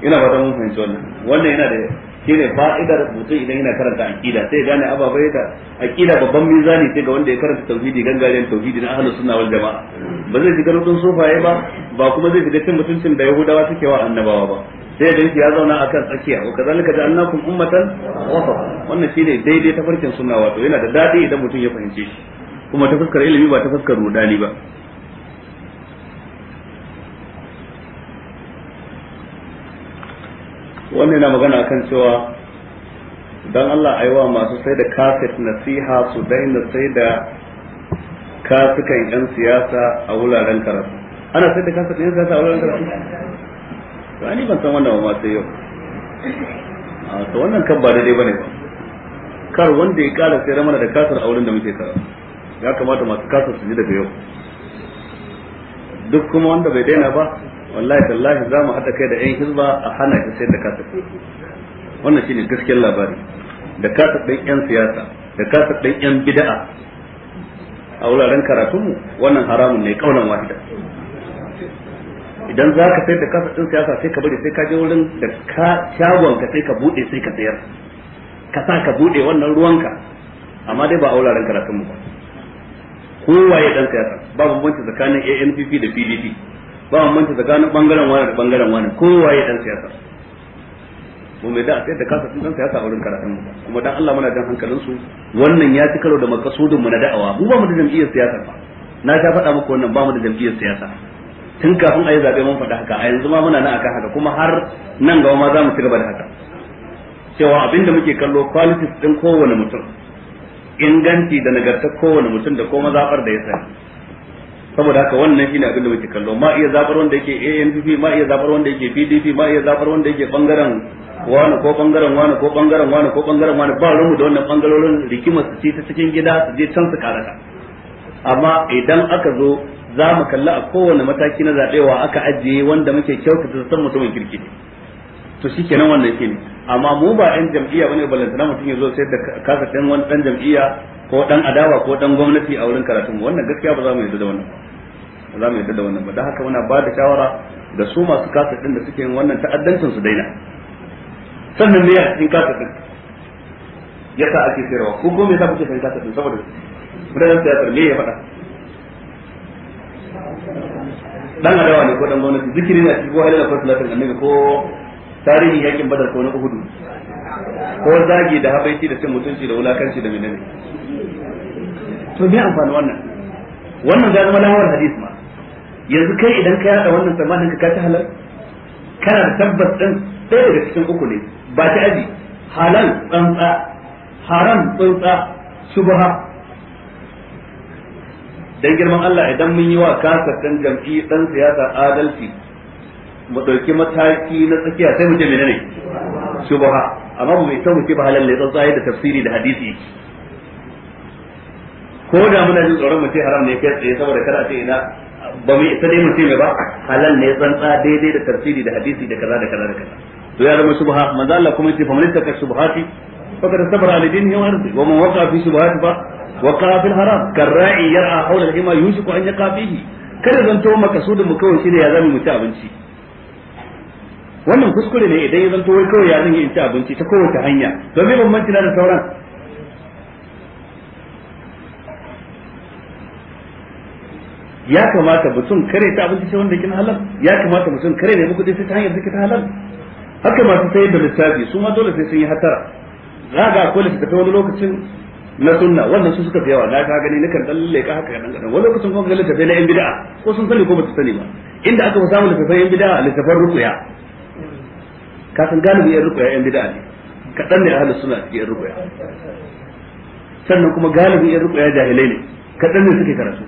Speaker 1: ina fatan mun fahimci wannan wannan yana da shine fa'idar mutum idan yana karanta aqida sai gane ababai da aqida babban mizani sai ga wanda ya karanta tauhidi gangaren tauhidi na ahlus sunna wal jamaa ba zai shiga rukun sofaye ba ba kuma zai shiga cin mutuncin da yahudawa suke wa annabawa ba sai da ya zauna akan tsakiya wa kazalika ja'alnakum ummatan wasata wannan shine daidai ta farkin sunna wato yana da dadi idan mutum ya fahimce shi kuma ta fuskar ilimi ba ta fuskar rudani ba wannan yana magana akan cewa dan Allah aiwa masu sai da kafet nasiha su daina sai da kafikan yan siyasa a wuraren karatu ana sai da kafet yan siyasa a wuraren karatu to ni ban san wannan ba sai yau a ah, to wannan kan ba daidai bane ba kar wanda ya kara sai mana da kasar auren da muke tsara ya kamata masu kasar su ji daga yau duk kuma wanda bai daina ba wallahi tallahi za mu haɗa kai da 'yan hizba a hana shi sai da kasar wannan shine gaskiyar labari da kasar ɗan 'yan siyasa da kasar ɗan 'yan bida'a a wuraren karatunmu wannan haramun ne kaunan wahida idan za ka sayar da kasa ɗin siyasa sai ka bari sai ka je wurin da ka shagon ka sai ka buɗe sai ka sayar ka sa ka buɗe wannan ruwanka amma dai ba a wuraren karatunmu ba ya ɗan siyasa ba bambanci tsakanin ANPP da PDP ba bambanci tsakanin bangaren wani da bangaren wani ya ɗan siyasa mu mai da a sayar da kasa ɗin siyasa a wurin karatunmu ba kuma dan Allah muna jan hankalinsu wannan ya ci karo da makasudinmu na da'awa mu ba mu da jam'iyyar siyasa ba na ta faɗa muku wannan ba mu da jam'iyyar siyasa tun kafin a yi zaɓe mun faɗi haka a yanzu ma muna nan akan haka kuma har nan gaba ma za mu ci gaba da haka cewa abinda muke kallo qualities din kowane mutum inganci da nagartar kowane mutum da kuma zaɓar da ya sani saboda haka wannan shine abin da muke kallo ma iya zaɓar wanda yake ANPP ma iya zaɓar wanda yake PDP ma iya zaɓar wanda yake bangaren wani ko bangaren wani ko bangaren wani ko bangaren wani ba rumu da wannan bangarorin rikimar su ce ta cikin gida su je can su karata amma idan aka zo za mu kalla a kowane mataki na zaɓewa aka ajiye wanda muke kyautata san mutumin kirki ne to shi kenan wannan shi ne amma mu ba yan jam'iyya bane balantana mutum ya zo sai da kasa ɗan wani ɗan jam'iyya ko ɗan adawa ko ɗan gwamnati a wurin karatun wannan gaskiya ba za mu yarda da wannan ba za mu yarda da wannan ba don haka muna ba da shawara da su masu kasa ɗin da suke yin wannan ta'addancin su daina sannan ne a cikin kasa ɗin yasa ake sayarwa ko kuma yasa kuke sayan kasa ɗin saboda mutanen siyasar me ya faɗa dan adawa ne ko dan gwamnati zikiri a cikin wahalar akwai salatin annabi ko tarihi yakin badar ko na uhudu ko zagi da habaiti da cin mutunci da wulakanci da menene to me amfani wannan wannan ga zama lawar hadis ma yanzu kai idan ka yada wannan tsammanin ka ta halal kana da tabbas din ɗaya daga cikin uku ne ba ta aji halal tsantsa haram tsantsa shubha dan girman Allah idan mun yi wa kasafin jam'i dan siyasa adalci mu dauki mataki na tsakiya sai mu je menene shubha amma mu bai mu ke ba halal ne tsantsaye da tafsiri da hadisi ko da muna jin tsoron mu ce haram ne kai tsaye saboda kada a ce ina ba mu ita dai mu ce mai ba halal ne tsantsa daidai da tafsiri da hadisi da kaza da kaza da kaza to ya zama shubha manzo Allah kuma yace fa man ittaka shubhati faqad sabara alidin dinihi wa mun waqa fi shubhati ba? wa qara fil haram karra'i yar'a hawla al-hima yushiku an yaqa fihi kada zanto makasudin mu kawai ne ya zama mu ci abinci wannan kuskure ne idan ya zanto wai kawai ya zanyi in ci abinci ta kowace hanya don me bambanci na da sauran ya kamata mutum kare ta abinci sai wanda kin halal ya kamata mutum kare ne muku sai ta hanyar zikir ta halal haka masu sayar da littafi su ma dole sai sun yi hatara za ga akwai littafi wani lokacin na sunna wannan su suka fi yawa na ka gani nakan dan ka haka kadan kadan wani lokacin kuma galata bai na yan bid'a ko sun sani ko ba su sani ba inda aka fa samun littafai yan bid'a littafan rukuya ka san galibi yan rukuya yan bid'a ne kadan ne ahlus sunna ke yan rukuya sannan kuma galibi yan rukuya jahilai ne kadan ne suke karatu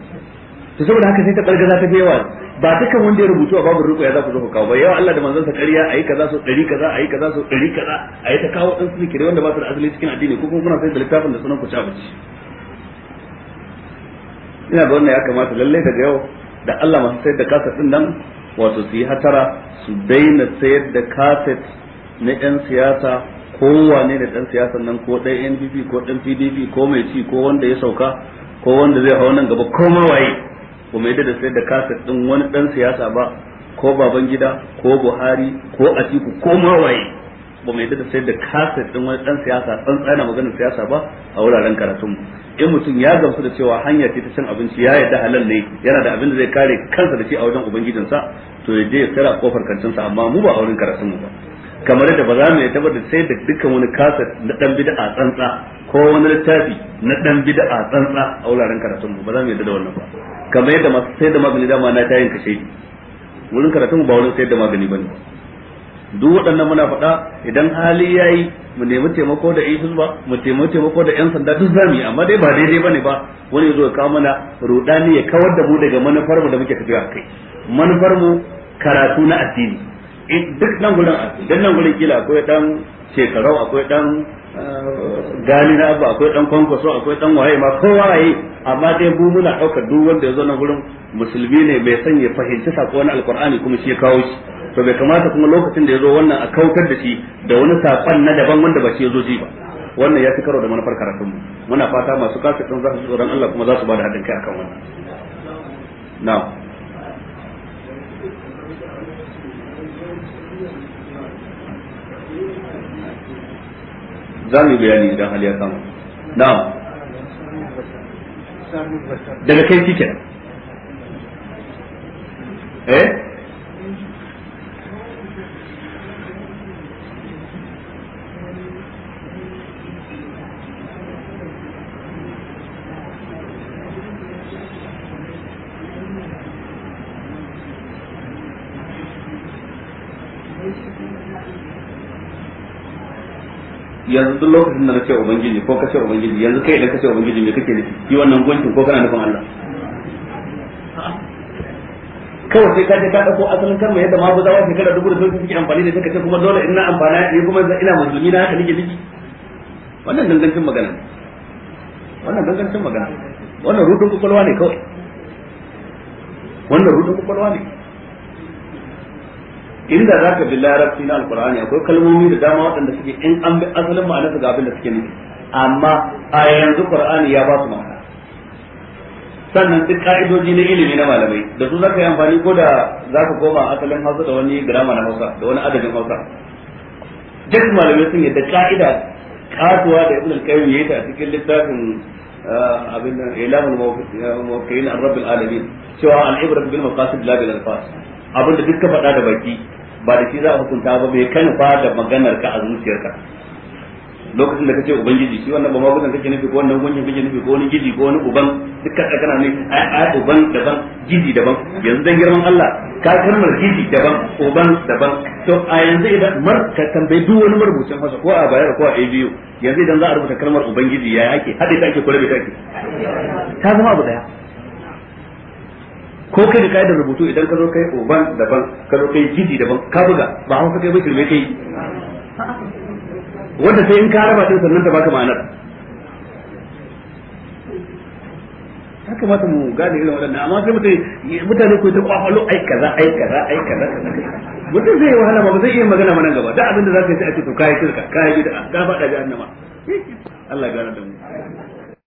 Speaker 1: to saboda haka sai ta kargaza ta bewa ba dukan wanda ya rubutu a babu ruku ya za ku zo ku kawo ba yawa Allah da manzon sa kariya ayi kaza so ɗari kaza ayi kaza so ɗari kaza ayi ta kawo ɗan zikiri wanda ba su da asali cikin addini ko kuma kuna sai da littafin da sunan ku ci abinci ina ga wannan ya kamata lallai daga yau da Allah masu sayar da kaset din nan wato su yi hatara su daina sayar da kaset na 'yan siyasa kowane da ɗan siyasan nan ko ɗan NDP ko ɗan PDP ko mai ci ko wanda ya sauka ko wanda zai hau nan gaba ko mawaye ba mai da sayar da kasar din wani dan siyasa ba ko baban gida ko buhari ko atiku ko mawaye ba mai da sayar da kasar din wani dan siyasa tsantsana maganar siyasa ba a wuraren karatun in mutum ya gamsu da cewa hanya ce ta cin abinci ya yarda halal ne yana da abin da zai kare kansa da shi a wajen ubangijinsa to ya je ya tsara kofar kancinsa amma mu ba a wurin karatun mu ba kamar yadda ba za mu yi tabbatar sai da dukkan wani kasar na dan bid'a tsantsa ko wani littafi na dan bid'a tsantsa a wuraren karatun mu ba za mu yadda da wannan ba kamar yadda masu sayar da magani dama na tayin kashe wurin karatun mu ba wurin sayar da magani bane duk waɗannan muna faɗa idan hali ya yi mu nemi taimako da ifis ba mu nemi taimako da yan sanda duk zamu yi amma dai ba daidai bane ba wani ya zo ya kawo mana rudani ya kawar da mu daga manufar mu da muke tafiya kai manufar mu karatu na addini eh, duk nan gurin duk nan gurin kila akwai dan shekarau akwai dan Gani na abba akwai dan kwankwaso akwai dan waye ma ko waye amma dai mu muna daukar duk wanda ya zo nan gurin musulmi ne mai son ya fahimci sako na alqur'ani kuma shi ya kawo shi to bai kamata kuma lokacin da ya zo wannan a kautar da shi da wani sakon na daban wanda ba shi ya zo ji ba wannan ya fi karo da manufar karatunmu muna fata masu kasa za su tsoron Allah kuma za su ba da haɗin kai akan wannan na'am za mu yi bayani idan hali ya samu na'am daga kai kike kenan eh yanzu duk lokacin da na ubangiji ko kace ubangiji yanzu kai idan kace ubangiji me kake nufi yi wannan gunkin ko kana nufin Allah kawai sai ka je ka dauko asalin kalma yadda ma buzawa kada dubu da sun suke amfani da kace kuma dole ina amfana ne kuma ina musulmi na haka nake niki wannan dangancin magana wannan dangancin magana wannan rudin kokolwa ne kawai wannan rudin kokolwa ne inda za ka bi larabci na alkur'ani akwai kalmomi da dama waɗanda suke in an bi asalin ma'anar ga abin da suke nufi amma a yanzu qur'ani ya ba su ma'ana sannan duk ka'idoji na ilimi na malamai da su za ka yi amfani ko da za ka koma asalin hausa da wani girama na hausa da wani adadin hausa duk malamai sun yadda ka'ida kasuwa da ibn al-qayyim yayi ta cikin littafin ah, abin nan ilamul muwakkirin a rabbil alamin cewa al-ibrat bil maqasid la bil alfas abinda duk ka faɗa da baki ba da shi za a hukunta ba bai kan fa da maganar ka a zuciyarka lokacin da kace ubangiji shi wannan ba magudan kake nufi ko wannan gungun kake nufi ko wani gidi ko wani uban dukkan ka kana ne ai uban daban gidi daban yanzu dan girman Allah ka kalmar gidi daban uban daban to a yanzu idan mar ka tambayi duk wani marubucin masa ko a bayar ko a ABU yanzu idan za a rubuta kalmar ubangiji ya yake hade ta ake kula ta kake ta zama abu daya ko kai da kaidar rubutu idan ka zo kai oban daban ka zo kai gidi daban ka buga ba hausa kai ba kirme kai wanda sai in ka raba din sannan ta baka ma'anar ya kamata mu gane irin waɗannan amma sai mutane mutane ko ta kwafalo ai kaza ai kaza ai kaza mutum zai yi wahala ba zai iya magana mana gaba
Speaker 3: da abin da za ka yi sai a ce to kai shirka kai bid'a ga faɗa jahannama Allah ya gane da mu